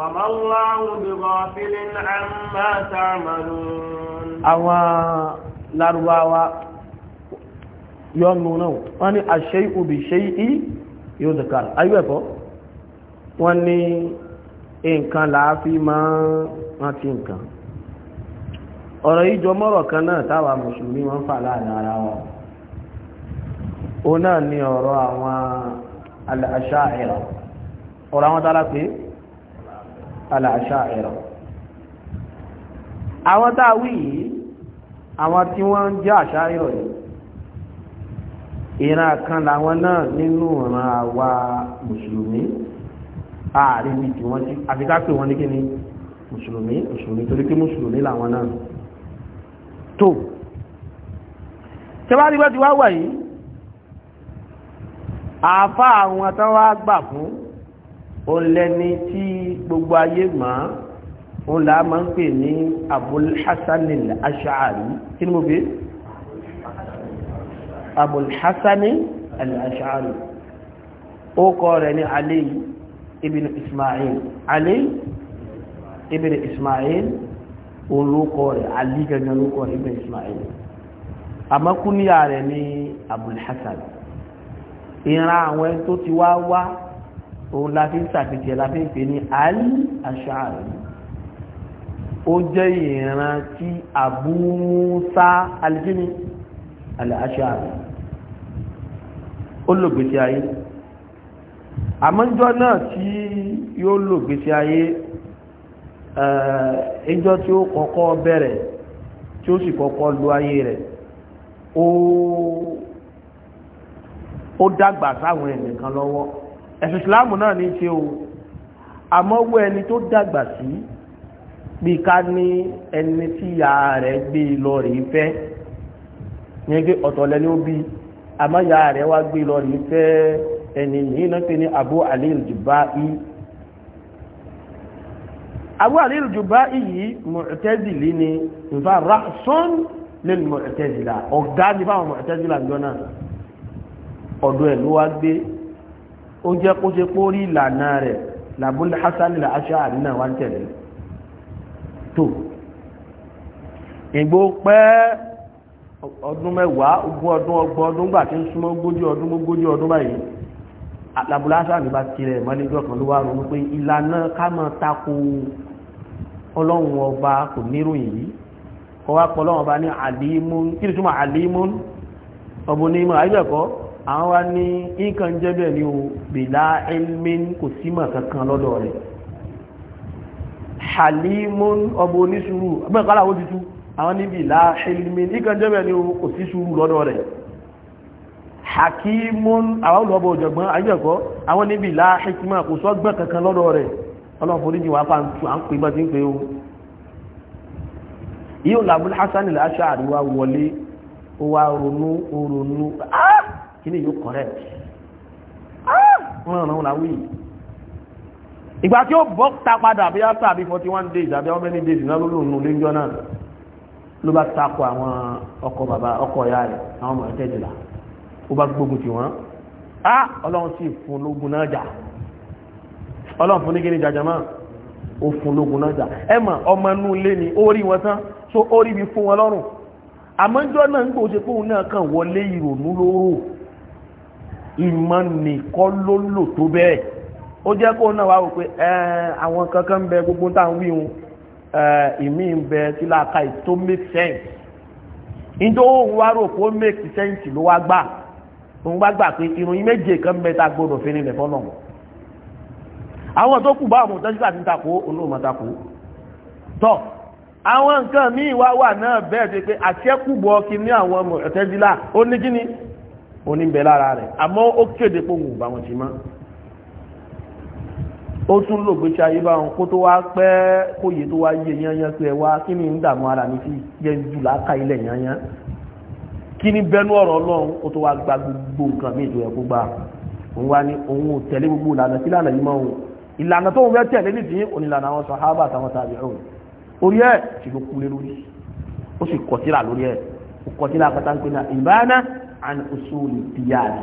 وما الله بغافل عما تعملون àwọn lárúbáwá yọ́nù náà wọ́n ní ash-shay'u bi shay'i yudhkar ayúẹ̀kọ́ wọ́n ní nǹkan láàáfí máa rántí nǹkan ọ̀rọ̀ ìjọ mọ́rọ̀ kan náà táwa mùsùlùmí wọ́n fà láàrin ara wọn o náà ni ọ̀rọ̀ àwọn al-asha'ira ọ̀rọ̀ àwọn tára pé al-Asha'ira àwọn tá a wí yìí àwọn tí wọ́n ń jẹ́ Asha'ira yìí ìran kan làwọn náà nínú ìran àwa mùsùlùmí ààrin ní tí wọ́n ti àfikà pé wọ́n ní kí ni mùsùlùmí mùsùlùmí torí kí mùsùlùmí làwọn náà tó tẹ́bá rí bá ti wá wà yìí àáfà àwọn tán wá gbà fún òun lẹ́ni tí gbogbo ayé mọ̀ òun là á máa ń pè ní Abul Hasan al-Ash'ari kí ni mo fi Abul Hasan al-Ash'ari ó kọ́ rẹ̀ ní Ali ibn Ismail Ali ibn Ismail òun rẹ̀ Ali gangan ló ibn Ismail àmọ́ rẹ̀ ní Abul ìran àwọn tó ti wá wá òun la fi ń sàfihàn la fi ń pè ní Ali Ash'ari ó jẹ́ ìran tí Abu Musa alikini al-Ash'ari ó lògbèsè ayé àmọ́jọ́ náà tí yóò lògbèsè ayé ẹjọ́ eh, tí ó kọ́kọ́ bẹ̀rẹ̀ tí ó sì kọ́kọ́ lo ayé rẹ̀ ó dàgbà sáwọn ẹnìkan lọ́wọ́ ẹ̀sùn ìsìláàmù náà ní ṣe o àmọ́ wọ ẹni tó dàgbà sí bí ká ní ẹni tí ìyá rẹ̀ gbé e lọ rí fẹ́ ní pé ọ̀tọ̀lẹ́ ni ó àmọ́ ìyá rẹ̀ wá gbé e lọ rí fẹ́ ẹni yìí náà pé ní Abu Ali al-Jubai Abu Ali al-Jubai yìí Mu'tazili ni nfa ra'sun lil Mu'tazila ọ̀gá ní fáwọn Mu'tazila gbọ́nà ọ̀dọ̀ ẹ̀ ló wá gbé ó jẹ́ kó ṣe pó rí ìlànà rẹ̀ làbúlé hasan ilẹ̀ aṣáàrí náà wá ń tẹ̀lé tó ìgbó pẹ́ ọdún mẹ́wàá ogún ọdún ọgbọ̀n ọdún gbà tí ń súnmọ́ ogójì ọdún ogójì ọdún báyìí làbúlé hasan bá tirẹ̀ mọ́lẹ́jọ́ kan ló wá ronú pé ìlànà ká máa tako ọlọ́run ọba kò níròyìn yìí kọ́ wá pọ̀ ọlọ́run ọba ní àlímún kí ni túmọ̀ àlímún ọbọ̀ onímọ̀ àwọn wa ní nǹkan jẹ́ bẹ́ẹ̀ ni o bìlá ilmin kò símọ̀ kankan lọ́dọ̀ rẹ̀ halimun ọbọ oníṣúrù abẹ́kọ́lá ó ti tú àwọn ní bìlá ilmin nǹkan jẹ́ bẹ́ẹ̀ ni o kò sí ṣúrù lọ́dọ̀ rẹ̀ hakimun àwọn olùwọ́bọ̀ òjọ̀gbọ́n ayẹ́kọ́ àwọn ní bìlá hikima kò sọ́gbọ́n kankan lọ́dọ̀ rẹ̀ ọlọ́foríjì wà pa à ń pè bá ti o yíò làbúl hasan al-ash'ari wá wọlé ó ah! kí ni yóò correct ah! wọ́n ràn án láwí ìgbà tí ó bọ́ ta padà bí after àbí forty one days àbí how many days náà ló lò nù lẹ́jọ́ náà ló bá takò àwọn ọkọ bàbá ọkọ ìyá rẹ̀ àwọn ọmọ ẹ̀tẹ́jìlá ó bá gbógun tì wọ́n á ọlọ́run sì fún lógun náà jà ọlọ́run fún ní kí ni jàjàmá ó fún lógun náà jà ẹ ọmọ inú ilé ni ó rí wọn tán so ó rí ibi fún wọn lọ́rùn àmọ́jọ́ náà ń gbòó fóun náà kàn wọlé ìrònú lóró ìmọ̀ nìkan ló lò tó bẹ́ẹ̀ ó jẹ́ kó náà wá wò pé àwọn kankan ń bẹ gbogbo tá à ìmí ń bẹ tí láàka ìtó make sense ìjọ òun wá rò pé ó make sense ló wá gbà òun wá gbà pé ìròyìn méje kan bẹ tá a gbọdọ̀ fi rinlẹ̀ fọ́nà wọn àwọn tó kù bá àwọn òtọ́jú àti takò olóòmọ takò tọ́ àwọn nǹkan míì wá wà náà bẹ́ẹ̀ pé àṣẹ́kùbọ̀ kí ní àwọn ọmọ ó ní kíni oníbẹ̀ lára rẹ̀ àmọ́ ó kéde pé òun ò bá wọn ti mọ́ ó tún lò gbéṣẹ́ ayé bá wọn kó tó wá pẹ́ kóye tó wá yé yányán pé ẹ wá kí ni ń dààmú ara mi fi jù láàka ilẹ̀ ni ọ̀rọ̀ ọlọ́run tó wá gba gbogbo nǹkan mi ìjọba ẹ̀kú gbà òun wá ní òun ò tẹ̀lé gbogbo ìlànà sí ìlànà yìí mọ́ òun ìlànà tó ń fẹ́ tẹ̀lé àwọn sàhábà an usuli diyani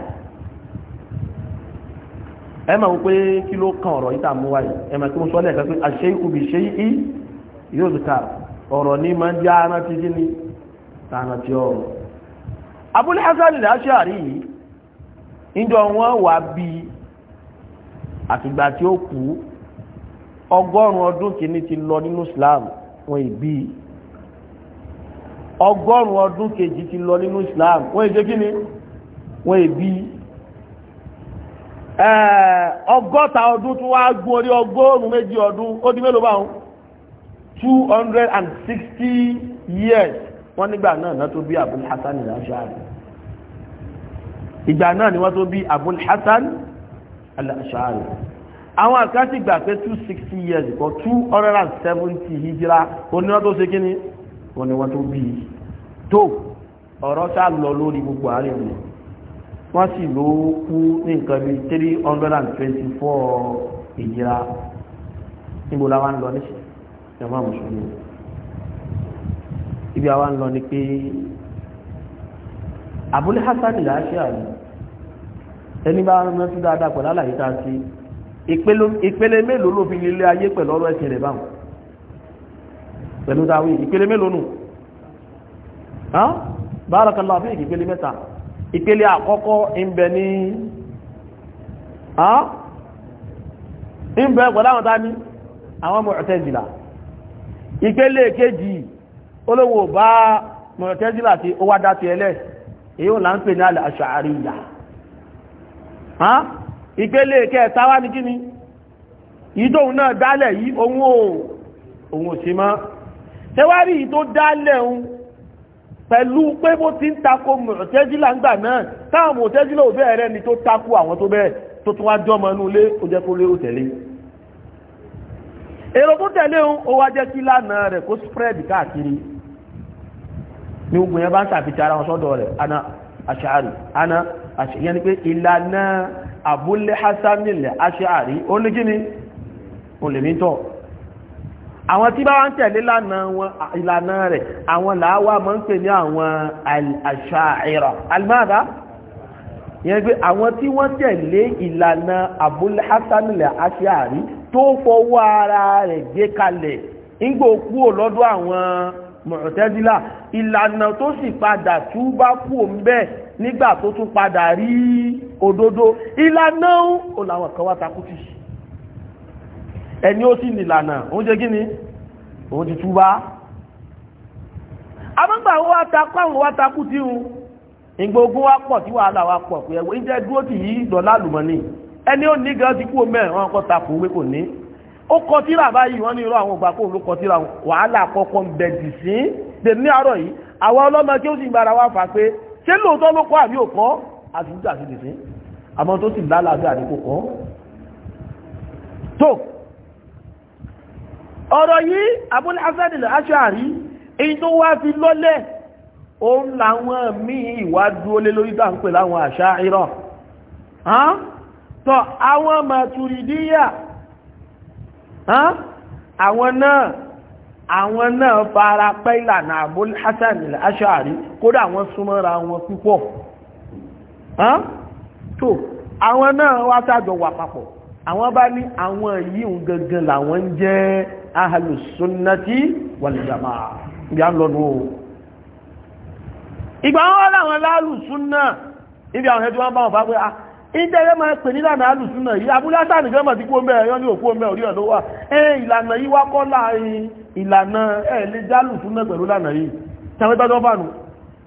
ẹ máa wọ pé kí kan ọ̀rọ̀ yìí a mú wáyé ẹ máa tó ń sọ pé àṣẹ ṣe yóò ọ̀rọ̀ ní máa ń jẹ́ ara ti ni tààrà ti ọ̀rọ̀ abúlé hasan ilẹ̀ aṣáàrí yìí níjọ wọn wà bí àtìgbà tí ó kú ọgọ́rùn-ún ọdún ti lọ nínú Islam wọn ì ọgọ́rùn ọdún kejì ti lọ nínú Islam wọ́n èdè kí ni wọ́n èbí ọgọ́ta ọdún tún wá gún orí ọgọ́rùn méjì ọdún ó di mélòó báwọn two hundred and sixty years wọ́n nígbà náà náà tó bí Abul Hasan al-Ash'ari ìgbà náà ni wọ́n tó bí Abul Hasan al-Ash'ari àwọn àkáṣì gbà pé two sixty years kọ two hundred and seventy hijira oníwọ́n tó ṣe kí ni wọn ni wọ́n tó bí i tó ọ̀rọ̀ sá lọ lórí gbogbo ààrẹ mi wọ́n sì ló kú ní nǹkan bíi three hundred and twenty four ìjìra níbo la wá ń lọ níṣẹ́ ìjọba mùsùlùmí ibi àwa ń lọ ni pé Abul Hasan al-Ash'ari ẹni bá rántí dáadáa pẹ̀lú àlàyé tá a ṣe ìpele mélòó ló fi nílé ayé pẹ̀lú ọ̀rọ̀ ẹ̀sìn rẹ̀ báwọn pẹ̀lú dáwí ìpele mélòó nù bárakàlá fún ìpele mẹ́ta ìpele àkọ́kọ́ ìbẹ̀ ní ìbẹ̀ pẹ̀lú àwọn tání àwọn Mu'tazila ìpele kejì olówó bá Mu'tazila tí ó wá dáti ẹlẹ́ èyí ò láńpẹ̀ ní al-Ash'ariyya ìpele kẹta wá ní kíni ìdóhun náà dálẹ̀ yìí ohun ò ohun tẹwárí yìí tó dálẹ̀ ń pẹ̀lú pé bó ti ń tako mọ̀tẹ́jílà ńgbà náà táwọn mọ̀tẹ́jílà ò bẹ́ẹ̀ rẹ ni tó tako àwọn tó bẹ́ẹ̀ tó tún wá jọmọ inú ilé ó jẹ́ kó lé òtẹ̀lé èrò tó tẹ̀lé ń ó wá kí lánàá rẹ̀ kó spread káàkiri ní ogun yẹn bá ń sàfihàn ara wọn sọ́dọ̀ rẹ̀ ana aṣáàrí ana aṣáàrí yẹn ni pé ìlànà Abul Hasan al-Ash'ari ó ní kí ni àwọn tí bá wá ń tẹ̀lé ìlànà rẹ̀ àwọn làáwà máa ń pè ní àwọn al-Asha'ira almada yẹn pé àwọn tí wọ́n tẹ̀lé ìlànà Abul Hasan al-Ash'ari tó fọwọ́ ara rẹ̀ gbé kalẹ̀ ńgbò kúrò lọ́dọ̀ àwọn Mu'tazila ìlànà tó sì padà túbá kúrò ń bẹ́ẹ̀ nígbà tó tún padà rí òdodo ìlànà ó làwọn kan wá takútì sí ẹni ó sì nìlànà òun jẹ́ gíní òun ti túbá amọ́gbà wọ́n wá takú àwọn wá takú tí hun ìgbà ogun wá pọ̀ tí wàhálà wá pọ̀ pé ẹ̀wọ̀n ìjẹ́ dúró tì yí dọ̀lá àlùmọ́nì ẹni ó ní gan ti kú mẹ́rin wọn kọ́ takú wé kò ní ó kọ tíra báyìí wọ́n ní irú àwọn ògbà kóòlù kọ tíra wàhálà kọ́kọ́ ń bẹ̀ dì sí tèmi àárọ̀ yìí àwọn ọlọ́mọ kí ó sì gbára wá fà pé ṣé lóòótọ́ ló kọ́ àbí òkọ́ àti ìjà sí dì sí àmọ́ tó sì lálàáfíà ní kò kọ́ ọ̀rọ̀ yìí Abul Hasan al-Ash'ari èyí tó wá fi lọ́lẹ̀ òun làwọn míì ìwà dúró lé lórí dáńpẹ̀ láwọn Asha'ira tọ́ àwọn Maturidiyya àwọn náà àwọn náà fara pẹ́ ìlànà Abul Hasan al-Ash'ari kódà àwọn súnmọ́ra wọn púpọ̀ tó àwọn náà wá sájọ wà papọ̀ àwọn bá ní àwọn yìí gangan làwọn ń jẹ́ ahlu sunnati wal jamaa ibi à ń lọ́nu o ìgbà wọn láwọn láàlù súnnà ibi àwọn ẹjọ́ wọn bá wọn bá pé ah ìjẹ́rẹ́ máa pè ní ìlànà àlù súnnà yìí abúlé sáàrì gẹ́mọ̀ tí kó mẹ́rin yọ́n ní òkú mẹ́ orí ọ̀dọ́ wà ìlànà yìí wá kọ́ láàrin ìlànà ẹ̀ lè pẹ̀lú lànà yìí tẹ́wẹ́ tọ́jọ́ bá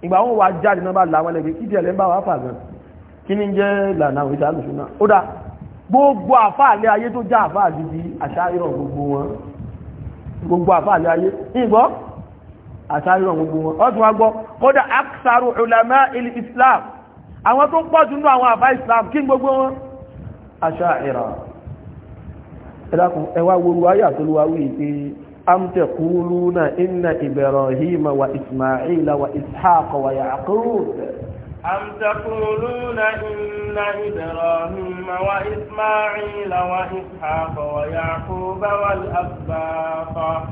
ìgbà wọn wà jáde náà bá làwọn ẹgbẹ́ kí gbogbo àfáàlẹ́ ayé tó já àfáàlẹ́ bí àṣáyọ̀ gbogbo wọn gbogbo àfáàlẹ́ ayé ìgbọ́ àṣáyọ̀ gbogbo wọn ọdún agbọ́ kódà aksaru ulama ilẹ̀ islam àwọn tó pọ̀ jù àwọn àfá islam kí gbogbo wọn àṣáyẹ̀rà أم تقولون إن إبراهيم وإسماعيل وإسحاق ويعقوب والأسباط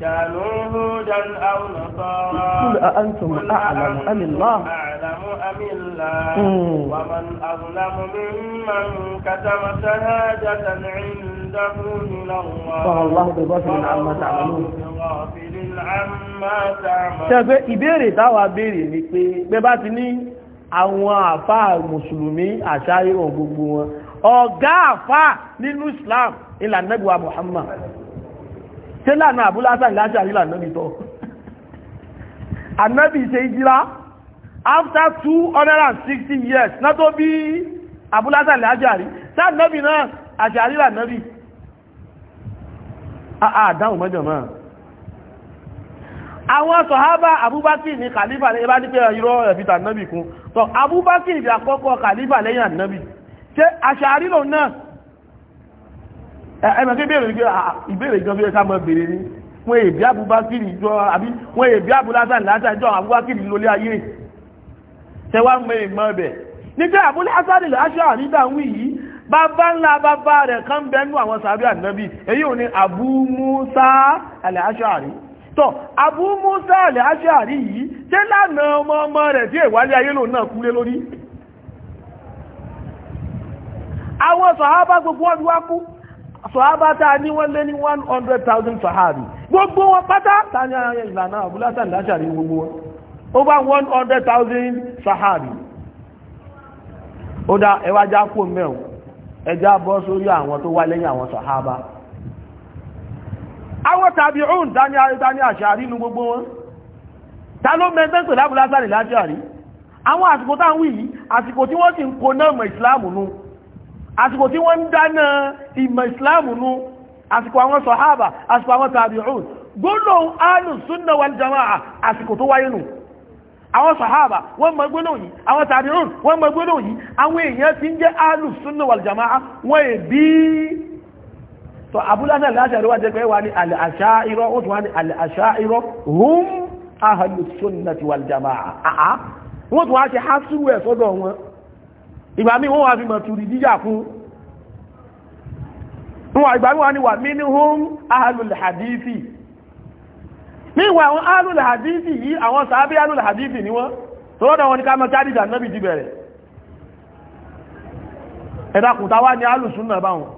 كانوا هودا أو نصارى قل أأنتم أعلم أم الله أعلم أم الله ومن أظلم ممن كتم شهادة عنده من الله الله بغافل عما تعملون بغافل عما تعملون ṣe pé ìbéèrè táwa béèrè àwọn àfá mùsùlùmí àṣáyíwọ̀ gbogbo wọn ọ̀gá àfá nínú islam ìlànàgbà muhammad tí lànà àbúlásà ìlàṣà ìlànàbì tọ́ ànábì ṣe ìjírá after 260 years ná tó bí àbúlásà ìlàṣàrí sáàdínàbì náà àṣàrí lànàbì ah, àádáhùn ah, mọ́jọ̀ máa àwọn sọ̀hábà abúbákì ní kàlífà lẹ́yìn bá ní pé ìrọ̀ ẹ̀fìtà náàbì kún tọ́ abúbákì ìdí àkọ́kọ́ kàlífà lẹ́yìn ànábì ṣe àṣàrílò náà ẹ̀mẹ̀ tí ìbéèrè gan bí ẹ sáàmọ́ bèèrè ní wọ́n èbí abúbákì ìjọ àbí wọ́n èbí abúlásàn látà ìjọ abúbákì lólé ayé tẹwà mọ ìmọ̀ ẹ̀bẹ̀ nígbà abúlásàn láṣà nígbà wí yìí bàbá ńlá bàbá rẹ̀ kan bẹnu àwọn sàbí ànábì èyí ò ní Abu Musa al-Ash'ari tọ́ Abu Musa al-Ash'ari yìí tẹ́ lánà ọmọ ọmọ rẹ̀ tí ìwálé ayé lò náà kúlé lórí àwọn sọ̀hábá gbogbo wọn wá kú sọ̀hábá tá ní wọ́n lé ní 100,000 sọ̀hábí gbogbo wọn pátá ta ní ara ìlànà Abu Musa al gbogbo àwọn tàbí òun dání àrídání àṣàrí inú gbogbo wọn ta ló mẹ́tẹ́ pẹ̀lú abúlásàrí láṣàrí àwọn àsìkò tá ń wí yìí àsìkò tí wọ́n sì ń kó náà mọ̀ ìsìláàmù nú àsìkò tí wọ́n ń dáná ìmọ̀ ìsìláàmù nú àsìkò àwọn sọ̀hábà àsìkò àwọn tàbí òun gbólóhùn alùn súnnà wal jama'a àsìkò tó wáyé nù àwọn sàhábà wọ́n mọ gbólóhùn yìí àwọn tàbí òun wọ́n mọ gbólóhùn yìí àwọn èèyàn ti ń jẹ́ alùn súnnà wal jama'a wọ́n èbí tó abúlásà láṣàrí wà jẹ́ pé wà ní al-Asha'ira ó tún wà ní al-Asha'ira hum ahlu sunnati wal jama'a àá wọ́n tún wá ṣe hásùrù ẹ̀ sọ́dọ̀ wọn ìgbà míì wọ́n wá fi mọ̀túrì díjà fún wọn ìgbà míì wá ní wà minhum ahlul hadithi níwà àwọn ahlul hadithi yìí àwọn sàábé ahlul hadithi ni wọ́n tọ́lọ́dọ̀ wọn ni ká mọ́ kádìjà náà bìí bẹ̀rẹ̀ ẹ̀dàkùntà wá ní ahlus sunna báwọn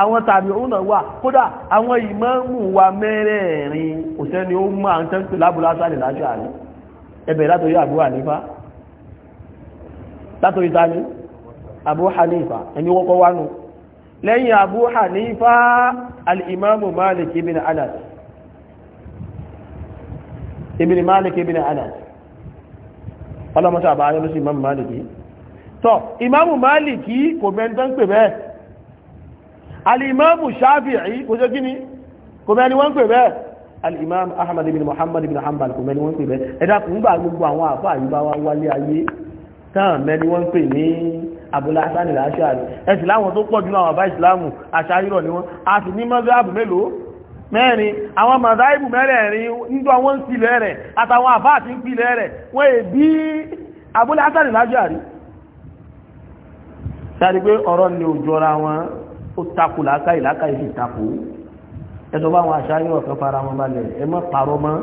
àwọn tàbí òun náà wà kódà àwọn ìmáàmù wa mẹ́rẹ̀ẹ̀rin òṣẹ́ni ó mú àwọn tẹ́ǹtì lábúlásàlẹ̀ lájọ́ àrí ẹbẹ̀ látòrí Abu Hanifa látòrí tani Abu Hanifa ẹni wọ́kọ́ wánu lẹ́yìn Abu Hanifa al-Imamu Malik ibn Anas ibn Malik ibn Anas ọlọ́mọ́sá àbáyọ́ lọ́sí Imamu Maliki tọ́ Maliki kò mẹ́ntán pè alìmọ́mù ṣáfìí kò jẹ́ gíní kò mẹ́ni wọ́n pè bẹ́ẹ̀ alìmọ́m ahmad ibn muhammad ibn hanbal kò mẹ́ni wọ́n pè bẹ́ẹ̀ ẹ̀dá kò ń gbà gbogbo àwọn àfá àyíbá wa wálé ayé tán mẹ́ni wọ́n pè ní abúlé asánì láṣáàrí ẹ̀sì láwọn tó pọ̀ jùlọ àwọn àbá ìsìláàmù aṣáírọ̀ ni wọ́n a sì ní pé ọ̀rọ̀ ni ò jọra wọn ó takò làákàyè làákàyè sì takò ẹ̀sọ́ bá àwọn àṣà yóò fẹ́ fara wọn balẹ̀ ẹ mọ́ parọ́ mọ́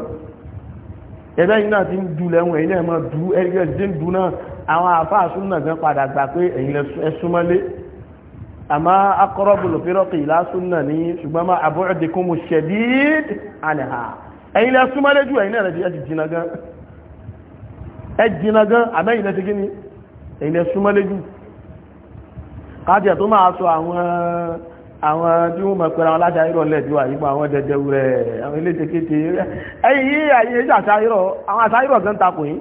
ẹ̀bẹ́ yìí náà ti ń du lẹ́wọ̀n ẹ̀yìn náà mọ́ du ẹ̀yìn ti ń du náà àwọn àfáà súnmọ́ náà gan padà gbà pé ẹ̀yìn ẹ̀súnmọ́lé àmọ́ akọ́rọ́ bùlùfẹ́rọ́kì ìlà súnmọ́ ní ṣùgbọ́n má àbúrẹ́dẹ́kùn mu ṣẹ̀díd àlẹ́hà ẹ̀yìn ẹ̀súnmọ́lé ju ẹ̀yìn náà káàtì tó máa sọ àwọn àwọn tí wọ́n mọ̀ pẹ̀lú àwọn aláṣà ìrọ̀lẹ̀ tí wà yípo àwọn dẹ̀dẹ̀wù rẹ̀ àwọn eléte kéte rẹ̀ ẹ̀yìn ayé àṣàyírọ̀ àwọn àṣàyírọ̀ kan takò yín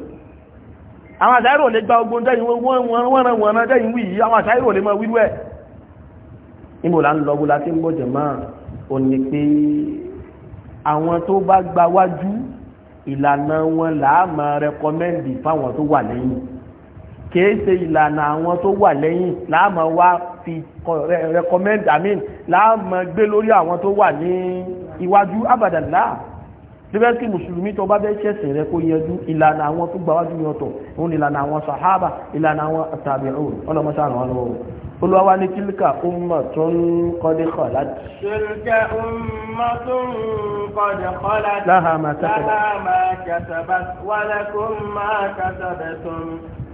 àwọn àṣàyírọ̀ lè gba ogun tẹ́yìn wọ́n wọ́n rán tẹ́yìn wí yìí àwọn àṣàyírọ̀ lè mọ wíwú ẹ̀ níbo là ń lọ bóla tí ń bọ̀ jẹ̀mọ́ ò ní pé àwọn tó bá gba wájú ìlànà wọn làá máa rẹkọmẹ́ndì fáwọn tó wà lẹ́yìn kìí ṣe ìlànà àwọn tó wà lẹ́yìn láàmà wá fi recommend amin láàmà gbé lórí àwọn tó wà ní iwájú abàdànláà síbẹ̀ kí mùsùlùmí tó bá bẹ́ ṣẹ̀sìn rẹ kó yẹjú ìlànà àwọn tó gbà wájú yọtọ òun ìlànà àwọn sàhábà ìlànà àwọn tàbíùn ọlọmọṣà ràn án lọ́wọ́ olùwàwá ní tílíkà ummatun qad khalat. tílíkà ummatun qad khalat. laha ma kasabat wa lakum ma kasabtum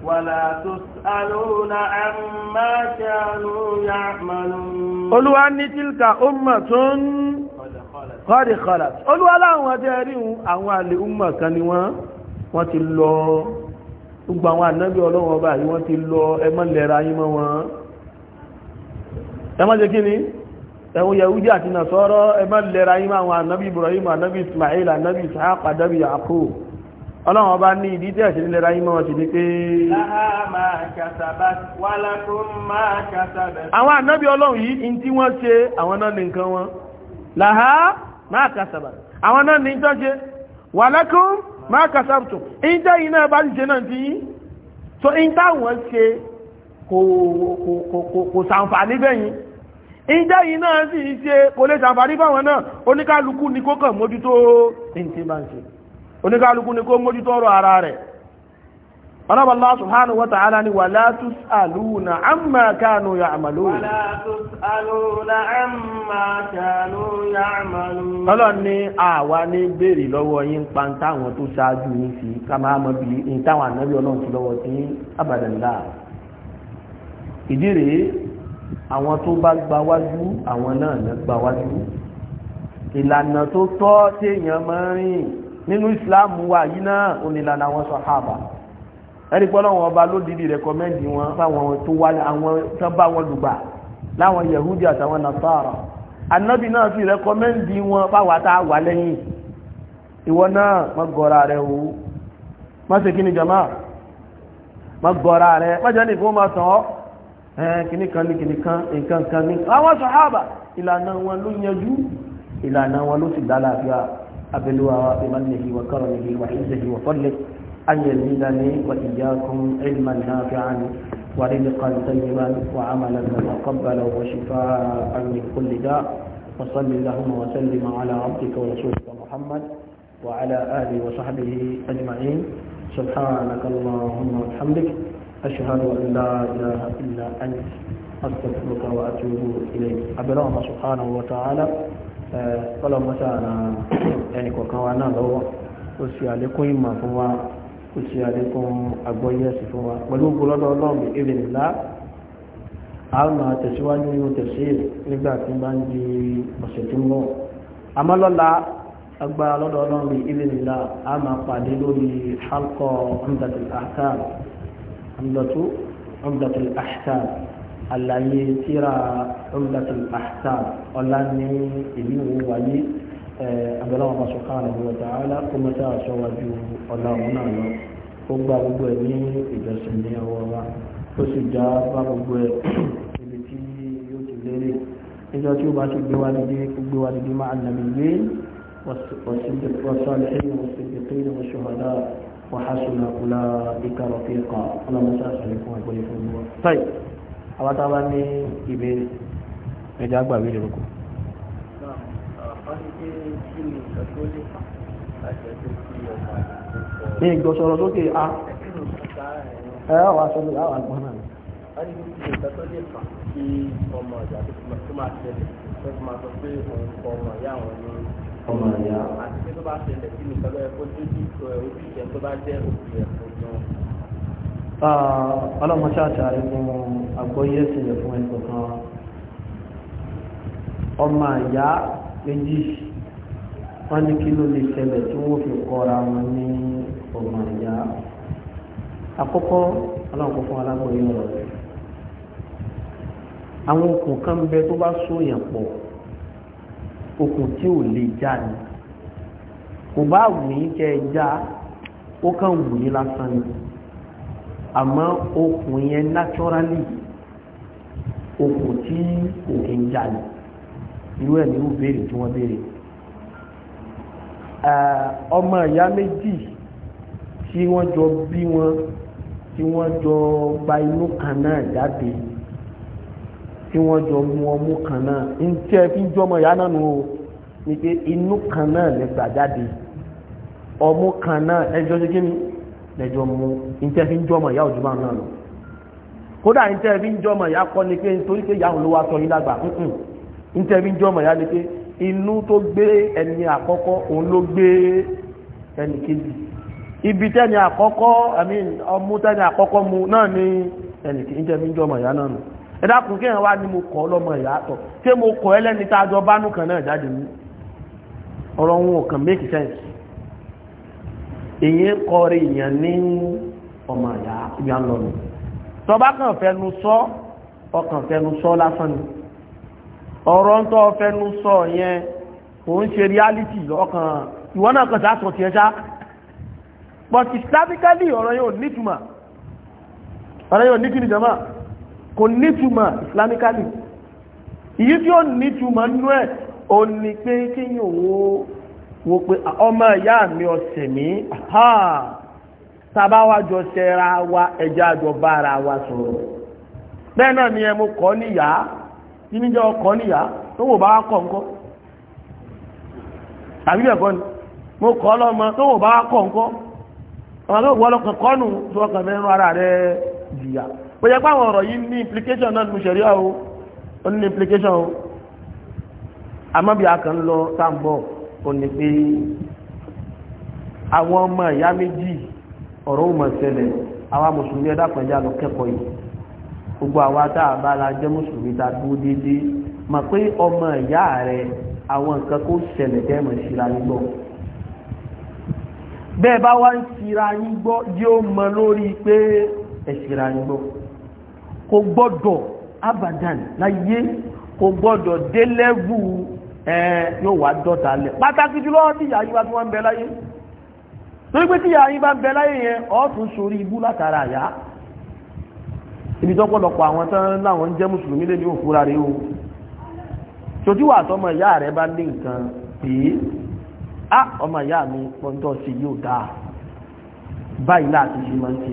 wa la tus'aluna amma kanu ya'malun. olùwà ní tílíkà ummatun kọ́dì kọ́dà olúwa láwọn ọdẹ rí àwọn àlè umar kan ni wọ́n wọ́n ti lọ gbogbo àwọn ànábì ọlọ́wọ́n ọba yìí wọ́n ti lọ ẹmọ́ lẹ́ra yín mọ́ wọn ẹmọ́ jẹ́ kí ni ẹ̀hùn yahudi àti nasọ́rọ́ ẹmọ́ lẹ́ra mọ́ àwọn ànábì ibrahim ànábì ismail ànábì ishaq ànábì yaqub ọlọ́wọ́n ọba ní ìdí tẹ́ ẹ̀ṣẹ̀ lẹ́ra yín mọ́ wọn sì ni pé àwọn ànábì ọlọ́run yìí ní tí wọ́n ṣe láhá máa kàsàbà àwọn náà ní ìjọ ṣe wà lakum máa kàsàbùtù ìjọ yìí náà bá ṣe náà ti yín so ìjọ wọn ṣe kò sàǹfààní bẹ́yìn ìjọ yìí náà sì ṣe kò lè sàǹfààní báwọn náà oníkálukú ni kó kàn mójútó ìǹtí bá ń ṣe oníkálukú ni kó mójútó ọ̀rọ̀ ara rẹ̀ ọlọ́bà Allah subhanahu wa ta'ala ni wà látú alúna amma kanu ya'malun ọlọ́n ni àwa ní béèrè lọ́wọ́ yín pa ń táwọn tó ṣáájú yín sí ká máa mọ́ bí i táwọn ànábí ọlọ́n ti lọ́wọ́ sí abàdàndà ìdí rèé àwọn tó bá gbawájú àwọn náà náà gbawájú ìlànà tó tọ́ téèyàn máa rìn nínú ìsìláàmù wa yìí náà onílànà àwọn sàhábà ẹni pé ọlọ́run ọba ló dìdí rẹ̀kọ́mẹ́ndì wọn fáwọn tó wá àwọn tó bá wọn lùgbà láwọn yahudi àtàwọn nasara anabi náà fi rẹ̀kọ́mẹ́ndì wọn fáwọn tá a wà lẹ́yìn ìwọ náà má gọ́ra rẹ̀ o má ṣe kíni jama má gọ́ra rẹ̀ má jẹ́ nìkan má sàn ọ́ ẹ̀ kíní kan ní kíní kan nǹkan kan ní. àwọn sàhábà ìlànà wọn ló yanjú ìlànà wọn ló sì dá láàbíà abẹ́lẹ́wà ìmánìyàn ìwà أن يزيدني وإياكم علما نافعا ورزقا طيبا وعملا متقبلا وشفاء من كل داء وصل اللهم وسلم على عبدك ورسولك محمد وعلى آله وصحبه أجمعين سبحانك اللهم وبحمدك أشهد أن لا إله إلا أنت أستغفرك وأتوب إليك عبد الله سبحانه وتعالى آه، قال مسانا يعني كوكوانا لو وسيالكم ما هو kò sí àdékùn àgbọ́yé ẹ̀sìn fún wa pẹ̀lú gbọ́lọ́dọ̀ ọlọ́run ìrìn ńlá a máa tẹ̀síwájú yóò tẹ̀sí nígbà tí bá ń di ọ̀sẹ̀ tó ń bọ̀ àmọ́ lọ́la agbára lọ́dọ̀ ọlọ́run ìrìn ńlá a máa pàdé lórí halqa umdatul ahkam àlàyé tíra umdatul ahkam ọ̀la ní ìlú wáyé Eh, abẹ́láwọn bá subhanahu wa ta'ala kó mọ́tà àṣọwájú ọ̀la ọ̀hún náà lọ ó gba gbogbo ẹ̀ ní ìjọsìn ní ọwọ́ wa ó sì já bá gbogbo ẹ̀ ibi tí yóò ti lérè níjọ́ tí ó bá ti gbé wá nídé gbé wá nídé máa nàbí gbé والصالحين والصديقين والشهداء وحسن أولئك رفيقا اللهم صل عليكم وعليكم السلام طيب àwọn tábà ní ìbéèrè ẹjọ́ àgbà ìbéèrè lóko ní ìgbọ̀sọ̀rọ̀ sókè a ẹ̀rọ wà sọ́lẹ̀ àwọn àgbọ̀n náà a ní ìgbà tó lè fà kí ọmọ fún ẹnì ọmọ ìyá méjì wọ́n ní kí ló lè ṣẹlẹ̀ tí wọ́n fi kọ́ra wọn ní ọmọ ìyá àkọ́kọ́ ọlọ́run kò fún alágbóyè ọ̀rọ̀ rẹ̀ àwọn okùn kan bẹ tó bá sóyàn pọ̀ okùn tí ò lè já ni kò bá wù yín kẹ́ ẹ já ó kàn wù yín lásán ni àmọ́ okùn yẹn naturally okùn tí kò ń já ni irú ẹ̀ ní irú béèrè tí wọ́n béèrè ọmọ ìyá méjì tí wọ́n jọ bí wọn tí wọ́n jọ gba inú kan náà jáde tí wọ́n jọ mu ọmú kan náà ń tẹ́ fi ń jọmọ ìyá náà nù o ni pé inú kan náà lè gbà jáde ọmú kan náà ẹjọ́ ṣe kí ni lẹ́jọ́ mu ń tẹ́ fi ń jọmọ ìyá òjò máa náà lọ kódà ń tẹ́ fi ń jọmọ ìyá kọ́ ni pé nítorí pé ìyá òun ló wá sọ yín lágbà nítorí jọmọ ya ni pé inú tó gbé ẹni àkọ́kọ́ òun ló gbé ẹni kejì ibi tẹ́ni àkọ́kọ́ àmì ọmú tẹ́ni àkọ́kọ́ mu náà ni ẹni kejì nítorí jọmọ ya náà nù ẹ dákun kí ẹ wá ní mo kọ́ ọlọ́mọ ìyá tọ̀ ṣé mo kọ́ ẹ lẹ́ni tá a jọ bánú kan náà jáde ní ọ̀rọ̀ wọn kàn make sense èyí kọrí èèyàn ní ọmọ ìyá ìyá lọ́nà tọba kan fẹnu sọ ọkàn fẹnu sọ lásán ni. ọ̀rọ̀ ń ọfẹ́ fẹ́nu sọ yẹn kò ń ṣe reality lọ́kàn ìwọ náà kàn sáà ti tiẹ̀ but islamically ọ̀rọ̀ yóò nítumọ̀ ọ̀rọ̀ yóò nítumọ̀ jama kò nítumọ̀ islamically ìyí tí ó nítumọ̀ nú ẹ̀ ó ní pé kíyàn owó wo pé ọmọ ìyá mi ọ̀sẹ̀ mi tàbá jọ ṣẹra wa ẹja àjọ wa sọ̀rọ̀ bẹ́ẹ̀ náà ni ẹ mo kọ́ níyàá kí ní jẹ́ ọkọ̀ níyà tó wò bá kọ̀ ńkọ́ tàbí ẹ̀kọ́ ni mo kọ́ lọ́mọ tó wò bá kọ̀ ńkọ́ ọmọ tó wọ́ lọ́kàn kọ́nù tó ọkàn mẹ́rin ara rẹ̀ jìyà ó yẹ páwọn ọ̀rọ̀ yìí ní implication náà mo ṣẹ̀rí ọ́ ó ní implication ó àmọ́ bí a kàn ń lọ sáǹbọ̀ ó ní pé àwọn ọmọ ìyá méjì ọ̀rọ̀ ò mọ̀ ṣẹlẹ̀ mùsùlùmí ẹ̀dá pẹ̀lú àlọ́ yìí gbogbo àwa tá a bá la jẹ́ mùsùlùmí ta dúró déédéé mà pé ọmọ ìyá rẹ àwọn nǹkan kó ṣẹlẹ̀ tẹ́ mọ̀ síra yín gbọ́ bẹ́ẹ̀ bá wá ń síra yín gbọ́ yóò mọ lórí pé ẹ̀ síra yín gbọ́ kò gbọ́dọ̀ abadan láyé kò gbọ́dọ̀ dé ẹ yóò wá dọ́ta lẹ̀ pàtàkì jùlọ tí ìyá yín bá tún wá ń bẹ láyé torí pé tí ìyá yín bá ń bẹ láyé yẹn ọ̀ tún sórí ibú látara àyà ibi tó pọ̀lọpọ̀ àwọn tán láwọn jẹ́ mùsùlùmí lè ní òfúra rí o sojú wà tọmọ ìyá rẹ bá ní nǹkan pé á ọmọ ìyá mi pọ́ńtọ́ sí yóò dáa báyìí láti ṣe máa ń ṣe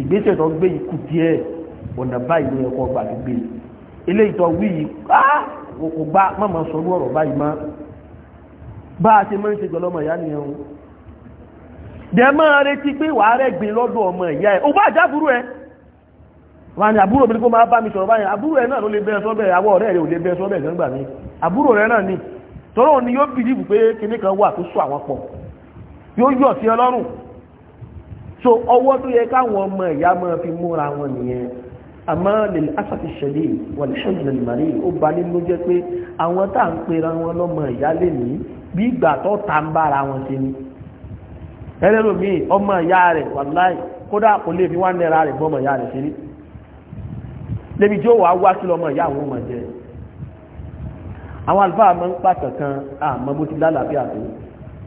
ìgbésẹ̀ tó gbé ikú díẹ̀ ọ̀nà báyìí ló yẹ kó gbà gbé eléyìí tó wí yìí á kò gbá mọ̀mọ́ sọ ní ọ̀rọ̀ báyìí mọ́ bá a ṣe máa ń ṣe pẹ̀lú ọmọ ìyá nìyẹn o dẹ̀ máa retí pé wàá rẹ̀ gbin lọ́dọ̀ ọmọ ìyá ẹ̀ ò bá àjábúrú ẹ̀ wọ́n ni àbúrò mi ní kó máa bá mi sọ̀rọ̀ báyìí àbúrò ẹ̀ náà ló lè bẹ́ẹ̀ sọ́bẹ̀ àwọ̀ ọ̀rẹ́ rẹ̀ ò lè bẹ́ẹ̀ sọ́bẹ̀ gbẹ́ngbà mi àbúrò rẹ̀ náà ni tọ́rọ ni yóò bìlíìfù pé kinní kan wà tó sọ àwọn pọ̀ yóò yọ̀ sí ọlọ́run so ọwọ́ tó yẹ káwọn ọmọ ìyá máa fi múra wọn nìyẹn àmọ́ lè asàfi ṣẹlẹ̀ wọ̀lẹ̀ ṣẹlẹ̀ màrí ó ba nínú jẹ́ pé àwọn tá à ń pera wọn lọ́mọ ìyá lè ní bí ìgbà tó ta ń bára wọn ṣe ni ẹlẹ́rù mi ọmọ ìyá rẹ̀ wàláì kódà kò lè fi wá náírà rẹ̀ bọ́mọ ìyá rẹ̀ ṣe ni débi tí ó wà wá kí lọ́mọ ìyá àwọn ọmọ jẹ àwọn àlùfáà máa ń pàtàn kan àmọ́ bó ti lálàáfíà tó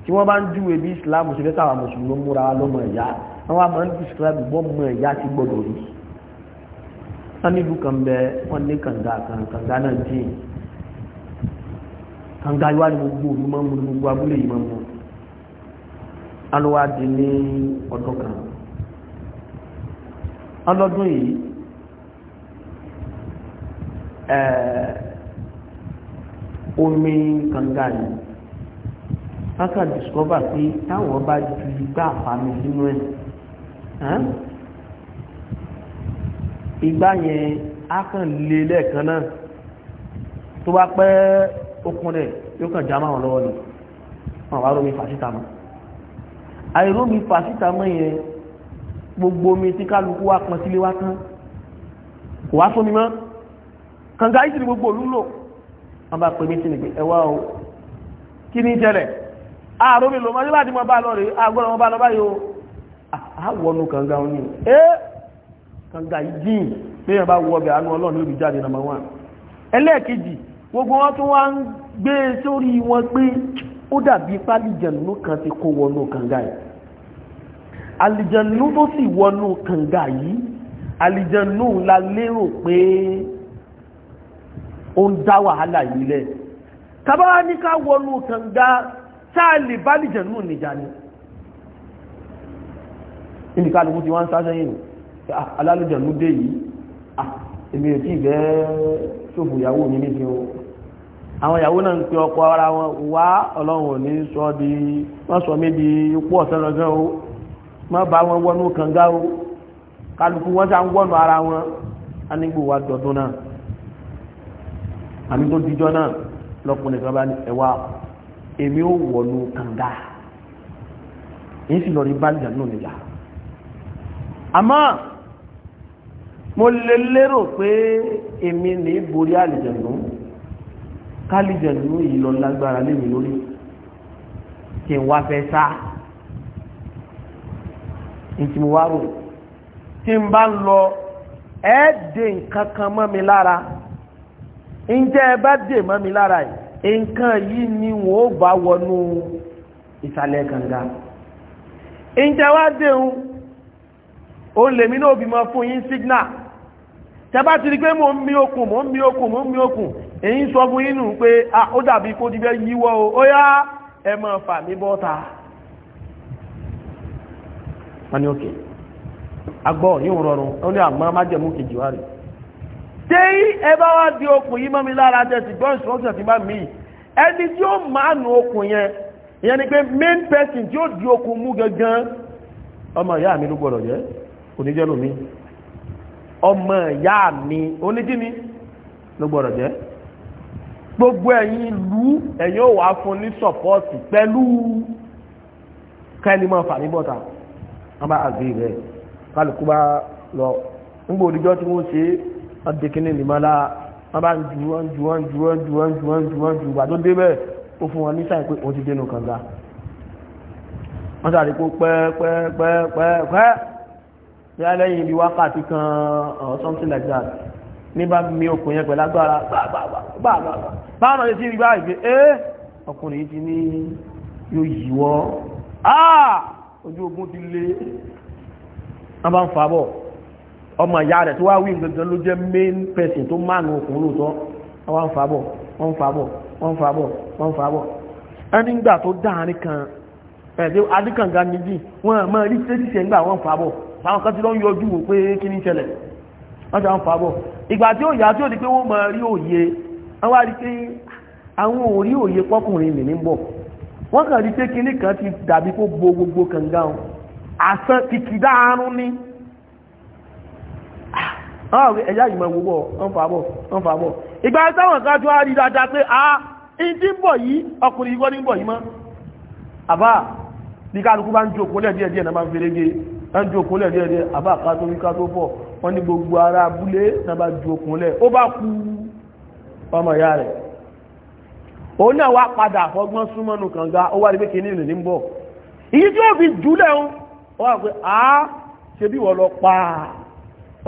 tí wọ́n bá ń júwe bí Islam ṣe fẹ́ káwa mùsùlùmí múra wa lọ́mọ ìyá wọ́n máa ń describe bọ́mọ ìyá ti gbọ́dọ̀ rí wọ́n ní ìlú kan bẹ wọ́n ní kànga kan kànga náà dín kànga yóò wá ní gbogbo òru máa ń ní gbogbo abúlé yìí máa ń alówádìí ní ọdún kan ọlọ́dún yìí omi kànga ni káka discover pé táwọn bá ju igbá àfàmì sínú ẹ̀ igbá yẹn á kàn lé lẹ́ẹ̀kan náà tó bá pẹ́ okun rẹ̀ yóò kàn já máa lọ́wọ́ ni wọ́n wá rómi fàṣítà mọ́ àìrómi fàṣítà mọ́ yẹn gbogbo omi tí kálukú wá pọn sílé wá tán kò wá fún mi mọ́ kànga ìsìn gbogbo òlú lò wọ́n bá pè mí sí nìgbé ẹwà o kí ní tẹ́lẹ̀ ààrùn mi lò mọ́ nígbà tí mo bá lọ rèé agbọ́dọ̀ mo bá lọ báyìí o àwọnú kànga òní ẹ kànga ìjìn bí wọ́n bá wọ ọbẹ̀ àánú ọlọ́run yóò fi jáde nàmà wọn ẹlẹ́ẹ̀kejì gbogbo wọn tún wá ń gbé sórí wọn pé ó dàbí pálíjẹ̀nù kan ti kó wọnú kànga yìí àlìjẹ̀nù tó sì wọnú kànga yìí àlìjẹ̀nù la lérò pé ó ń dá wàhálà yìí lẹ̀ tàbá ní ká wọnú kànga sáàlì bálìjẹ̀ nù nìjà ni níbi ká lókún tí wọ́n ń sá sẹ́yìn nù ah, alálùjẹ̀ nù dé yìí ah, èmi ò tí ì bẹ́ẹ̀ ṣòfò ìyàwó mi níbi o àwọn ìyàwó náà ń pe ọkọ ara wọn wá ọlọ́run ò ní sọ di wọ́n sọ mí di ikú ọ̀sẹ̀ o má bá wọn wọnú kànga o kálukú wọn sá ń wọnú ara wọn á nígbò wá dọdún náà àmì tó dijọ́ náà lọ́kùnrin kan bá ní ẹ̀wà èmi ò wọ̀lú kànga èyí sì lọ rí bá ìjà náà nìjà àmọ́ mo lè lérò pé èmi ní borí àlìjẹ̀nù kálìjẹ̀nù yìí lọ lágbára lémi lórí kí n wá fẹ́ sá ìtì mo wá rò tí n bá ń lọ ẹ́ẹ̀dẹ̀ nǹkan kan mọ́ mi lára ǹjẹ́ ẹ bá dè mọ́ mi lára yìí nǹkan yìí ni wọ́n bá wọnú ìsàlẹ̀ kànga ǹjẹ́ wá dèun ó lè mí náà fún yín sígínà ti pé mo ń mi okùn mo ń mi okùn mo ń mi okùn èyí o sọ fún yín nù pé o ó yá ẹ máa fà mí bọ́ta wọ́n ní òkè agbọ́ yóò rọrùn ó ní àmọ́ májẹ̀mú tí ẹ bá wá di okùn yìí mọ́ mi lára jẹ́ ti gbọ́ instruction ti bá mi ẹni tí ó máa nù okùn yẹn ìyẹn ni pé main person tí ó di okùn mú gangan ọmọ ìyá mi ló gbọ́dọ̀ jẹ́ oníjẹ́ lómi ọmọ ìyá mi oníjìní ló gbọ́dọ̀ jẹ́ gbogbo ẹ̀yin ìlú ẹ̀yin ò wá fún ní sọ́pọ́ọ̀tì pẹ̀lú kẹ́ni mọ́ fàmí bọ́ta wọ́n bá àgbé rẹ̀ kálukú bá lọ nígbà òdìjọ́ tí wọ́n ṣe é ọdíkíní nìmọ́lá wọ́n bá ń ju wọ́n ju wọ́n ju wọ́n ju wọ́n ju wọ́n ju wọ́n ju ìgbà tó dé bẹ́ẹ̀ ó fún wọn ní sáì pé ó ti dénú kànga wọ́n sàrí kó pẹ́ẹ́pẹ́ẹ́pẹ́ẹ́pẹ́ bí alẹ́yìn bí wákàtí kan or something like that ní bá mi okùn yẹn pẹ̀lú agbára gbàgbàgbà báwọn lè sí rí báyìí pé ẹ́ ọkùnrin yìí ti ní yóò yíwọ́ ojú ogun ti lé wọ́n bá ń fa bọ̀ ọmọ ìyá rẹ̀ tó wá wí gangan ló jẹ́ main person tó máa nù ọkùnrin lóòótọ́ wọ́n ń fàbọ̀ wọ́n ń fàbọ̀ wọ́n ń fàbọ̀ wọ́n ń fàbọ̀ ẹni gbà tó dáàrin kan ẹ̀dẹ́ adíkànga méjì wọ́n mọ́ rí tẹ́síṣẹ́ ńgbà wọ́n ń fàbọ̀ àwọn kan ti lọ ń yọjú wò pé kí ní ṣẹlẹ̀ wọ́n ti ń fàbọ̀ ìgbà tí ó yá tí ó di pé wọ́n mọ rí òye wọ́n wá rí pé ah, àwọn ò rí òye pọ́kùnrin mi ní bọ̀ wọ́n kàn rí pé kinní kan ti dàbí kó bo gbogbo kànga àsán kìkìdá àrùn ni Ah, ẹ̀yà ìmọ̀ ìwòwò ọ̀nfàbọ̀ ọ̀nfàbọ̀ ìgbà táwọn kájú á rí dáadáa pé a ah, ìdí bọ̀ yìí ọkùnrin ìwọ́n ní bọ̀ yìí mọ́ àbá ní kálukú bá ń ju òkú lẹ́ẹ̀díẹ̀ díẹ̀ náà máa ń ferege ń ju òkú lẹ́ẹ̀díẹ̀ díẹ̀ àbá ká tó rí ká tó bọ̀ wọ́n ní gbogbo ara abúlé náà bá ju òkú lẹ̀ ó bá ku ọmọ ìyá rẹ̀ òun náà wá padà fọgbọ́n súnmọ́nù kànga ó wá rí pé kìíní ìrìn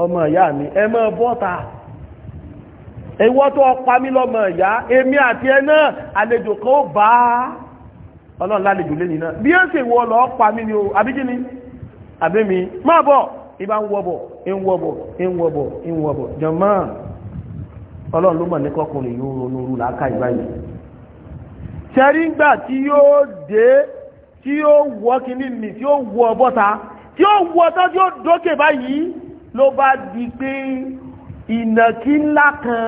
ọmọ ìyá mi ẹ mọ́ bọ́ta ẹwọ́ tó ọpa mí lọ́mọ ìyá èmi àti ẹ náà àlejò kan ó bá ọlọ́run lálejò lẹ́yìn náà bí ó sì wọ lọ pa mí ni o àbíjí ni àbí mi máa bọ̀ ibà ń wọ́bọ̀ ń wọ́bọ̀ ń wọ́bọ̀ ń wọ́bọ̀ jọmọ́ ọlọ́run ló mọ̀ ní kọkùnrin yóò ronú rú làákà ìbáyìí ṣẹ́ríngbà tí yóò dé tí yóò wọ́ kíní nì tí yóò wọ́ bọ́ta tí yóò wọ́ tán tí yóò dókè báyìí ló bá di pé ìnàkí ńlá kan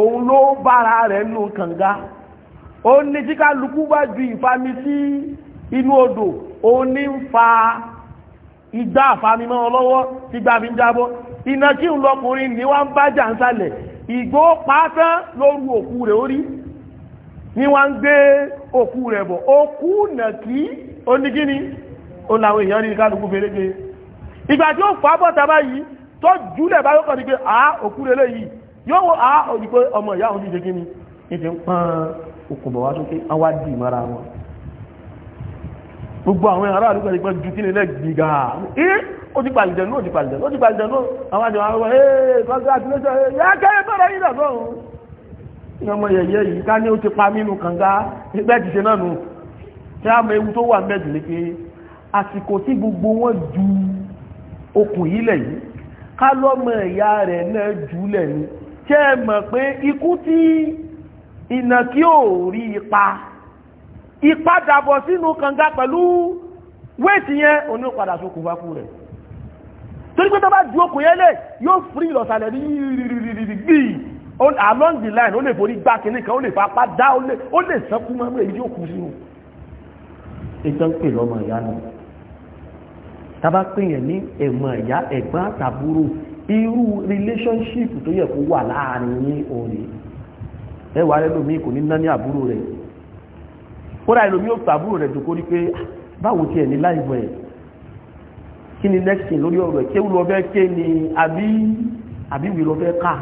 òun ló bára rẹ̀ nù kànga ó ní tí kálukú bá ju ìfami sí inú odò ó ní ń fa igbá àfami mọ́ ọlọ́wọ́ tí gbà fi ń jábọ́ ìnàkí ń lọkùnrin ní wá ń bájà ń sálẹ̀ ìgbó pátán lóru òkú rẹ̀ orí ní wá ń gbé òkú rẹ̀ bọ̀ òkú nàkí ó ní kíni ó làwọn èèyàn rí kálukú fèrègbè ìgbà tí ó fà á bọ́ta báyìí tó jùlẹ̀ bá yóò kàn ní pé àá òkúrẹ́ léyìí yóò wọ́n àá òdì pé ọmọ ìyá òun jíje gíní ìdí ń pán okùnbọ̀ wá sókè awá dì mara wọn gbogbo àwọn ará àdúgbò ìgbà ju kí nílẹ̀ gbìgà ẹ ó ti pàlìjẹ̀ náà ó ti pàlìjẹ̀ náà ó ti pàlìjẹ̀ náà àwọn àjọ àwọn ẹ congratulation ẹ yá kẹ́yẹ bọ́ra yìí dàgbọ́ òun ní ọmọ yẹ̀yẹ́ okùn yìí lẹ̀ yìí ká lọ́mọ ìyá rẹ̀ náà jùlẹ̀ ni ṣé ẹ mọ̀ pé ikú tí ìnàkí ò rí ipa ipa dàbọ̀ sínú kànga pẹ̀lú wéètì yẹn oní padà sókùn bá kú rẹ̀ torí pé tó bá ju okùn yẹn lẹ̀ yóò fúrí ìlọ̀sàlẹ̀ ní yìí along the line ó lè forí gbá kìíní kan ó lè fapá dá ó lè sẹ́kú mọ́mọ́ èyí yóò kú sínú ìtàn pè lọ́mọ ìyá náà tàbá pèèyàn ní ẹ̀gbọ́n ìyá ẹ̀gbọ́n àtàbúrò irú relationship tó yẹ kó wà láàrin ní òní ẹwà rẹ lómi kò ní ná ní àbúrò rẹ̀ kódà ẹlòmí ó pàbúrò rẹ̀ dùkó rí pé ah, báwo ti ẹ̀ ní láìpẹ́ ẹ̀ kí ni next thing lórí ọ̀rọ̀ ẹ̀ kéwù lọ ké ni àbí àbí wì lọ fẹ́ ká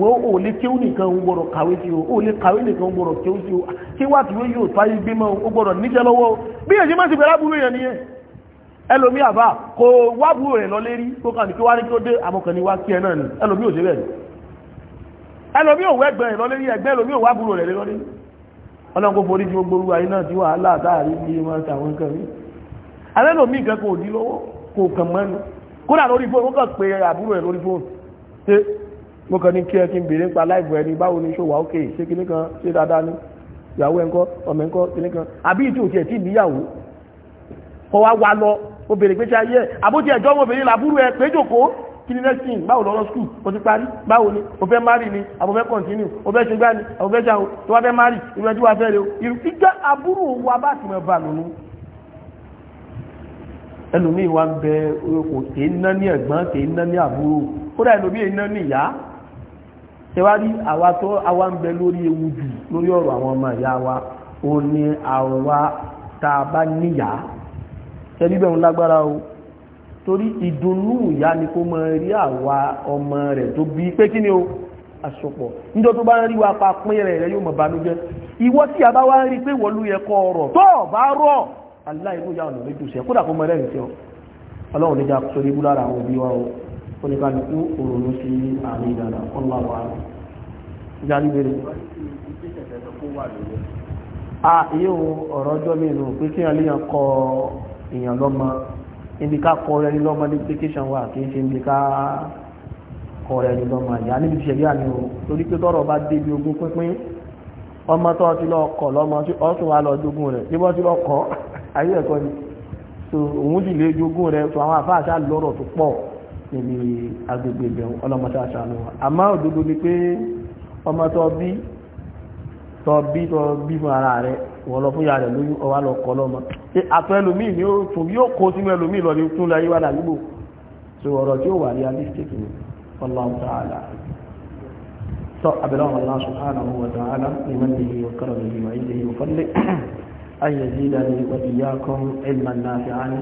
wọ́n ò lè kéwù nìkan ń gbọ́dọ̀ kàwé sí o ò lè kàwé nìkan ń gbọ́dọ̀ kéwù sí o kí wá tìwé yóò tó ayé gbé mọ́ o gbọ́dọ̀ níṣẹ́ lọ́wọ́ bí èyí má ti fẹ́ lábúrò yẹn nìyẹn ẹlòmí àbá kò wábùú rẹ̀ lọ lérí kó kàn ní kí wá ní kí ó dé àmọ́kànní wá kí ẹ náà ni ẹlòmí ò ṣe bẹ́ẹ̀ ni ẹlòmí ò wẹ́gbẹ̀ rẹ̀ lọ lérí ẹgbẹ́ ẹlòmí ò wábùú rẹ̀ lọ lérí ọlọ́run kò forí ju gbogbo olúwa yìí náà tí wàhálà táàrí bí i máa tàwọn nǹkan alẹ́lòmí nǹkan kò dí lọ́wọ́ kò kàn mọ́nu ni ṣòwò òkè ṣé kíní kan ṣé dáadáa ni ìyàwó ẹ̀ńkọ́ ọmọ ẹ̀ńkọ́ kíní kan àbí ìtú òtí ẹ̀ obìnrin gbéṣẹ́ ayé ẹ̀ àbójì ẹ̀jọ́ ọmọbìnrin làbúrú ẹ péjòkó kí ni next thing báwo lọ́rọ̀ skul kò ti parí báwo ni o fẹ́ marry ni àbò fẹ́ continue o fẹ́ ṣùgbọ́n ni àbò fẹ́ ṣàwọn tó wá fẹ́ marry irú ẹjú wa fẹ́ rẹ o irú ìjà àbúrò wa bá ti mọ̀ bá lónú. ẹlòmíì wa ń bẹ kò tè é ná ní ẹ̀gbọ́n tè é ná ní àbúrò kódà ẹlòmíì ná ní ìyá tẹwárí àwa tó àwa ń bẹ lórí ewu jù lórí ọ̀rọ̀ àwọn ọmọ ìyá wa ó ní àwa tá a bá níyàá tẹ́líbẹ̀ ń lágbára o torí ìdùnnú ìyá ni kó mọ rí àwa ọmọ rẹ̀ tó bí pé kí ni o àsopọ̀ níjọ́ tó bá ń rí wa pa pín rẹ̀ rẹ̀ yóò mọ̀ bànújẹ́ ìwọ tí a bá wá ń rí pé wọ́n ló yẹ kọ́ ọ̀rọ̀ tó bá rọ̀ aláìlú ìyá ọ̀nà méjì sẹ́ kódà kó mọ rẹ̀rìn sí ọ ọlọ́run níjà sórí èèyàn lọ́mọ níbi ká kọ rẹ ní lọ́mọ ní application wà kì í ṣe níbi ká kọ rẹ ní lọ́mọ ìyá níbi ìṣẹ̀lẹ̀ àmì o torí pé tọ́rọ̀ bá débi ogún pínpín ọmọ tó ti lọ kọ̀ lọ́mọ tí ó tún wá lọ jogún rẹ̀ bí wọ́n ti lọ kọ́ ayé ẹ̀kọ́ ni so òun sì lè jogún rẹ̀ so àwọn àfáà ṣáà lọ́rọ̀ tó pọ̀ níbi agbègbè ìbẹ̀rù ọlọ́mọṣáà ṣàánú wa àmọ́ òdodo ni pé ọmọ tó bí tó bí tó bí fún ara rẹ̀ wọ́n lọ fún ya rẹ̀ lóyún ọwá lọ kọ́ lọ́mọ àtọ́ ẹlòmíì ni ó tún yóò kó sínú ẹlòmíì lọ ní tún láyé wà ládùúgbò so ọ̀rọ̀ tí ó wà ní alistic ni Allahu ta'ala sọ abẹ́rẹ́ wọn Allah subhanahu wa ta'ala ní mẹ́lẹ̀ wa karamihi wa ilẹ̀ wa fadli an yazidani wa iyyakum ilman nafi'an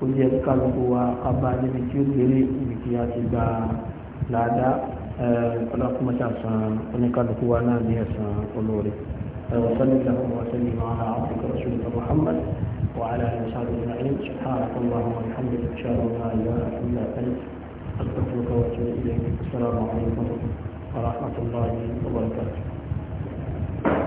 ó yẹ kálukú wa ká bá níbi tí ó gbélé ibi tí a ti gba làádá ọlọ́kùnmọ́sá san oníkálukú wa náà ní ẹ̀sán olóore. وصلى اللهم وسلم على عبدك ورسولك محمد وعلى اله وصحبه اجمعين سبحانك اللهم وبحمدك اشهد ان لا اله الا انت استغفرك واتوب اليك السلام عليكم ورحمه الله وبركاته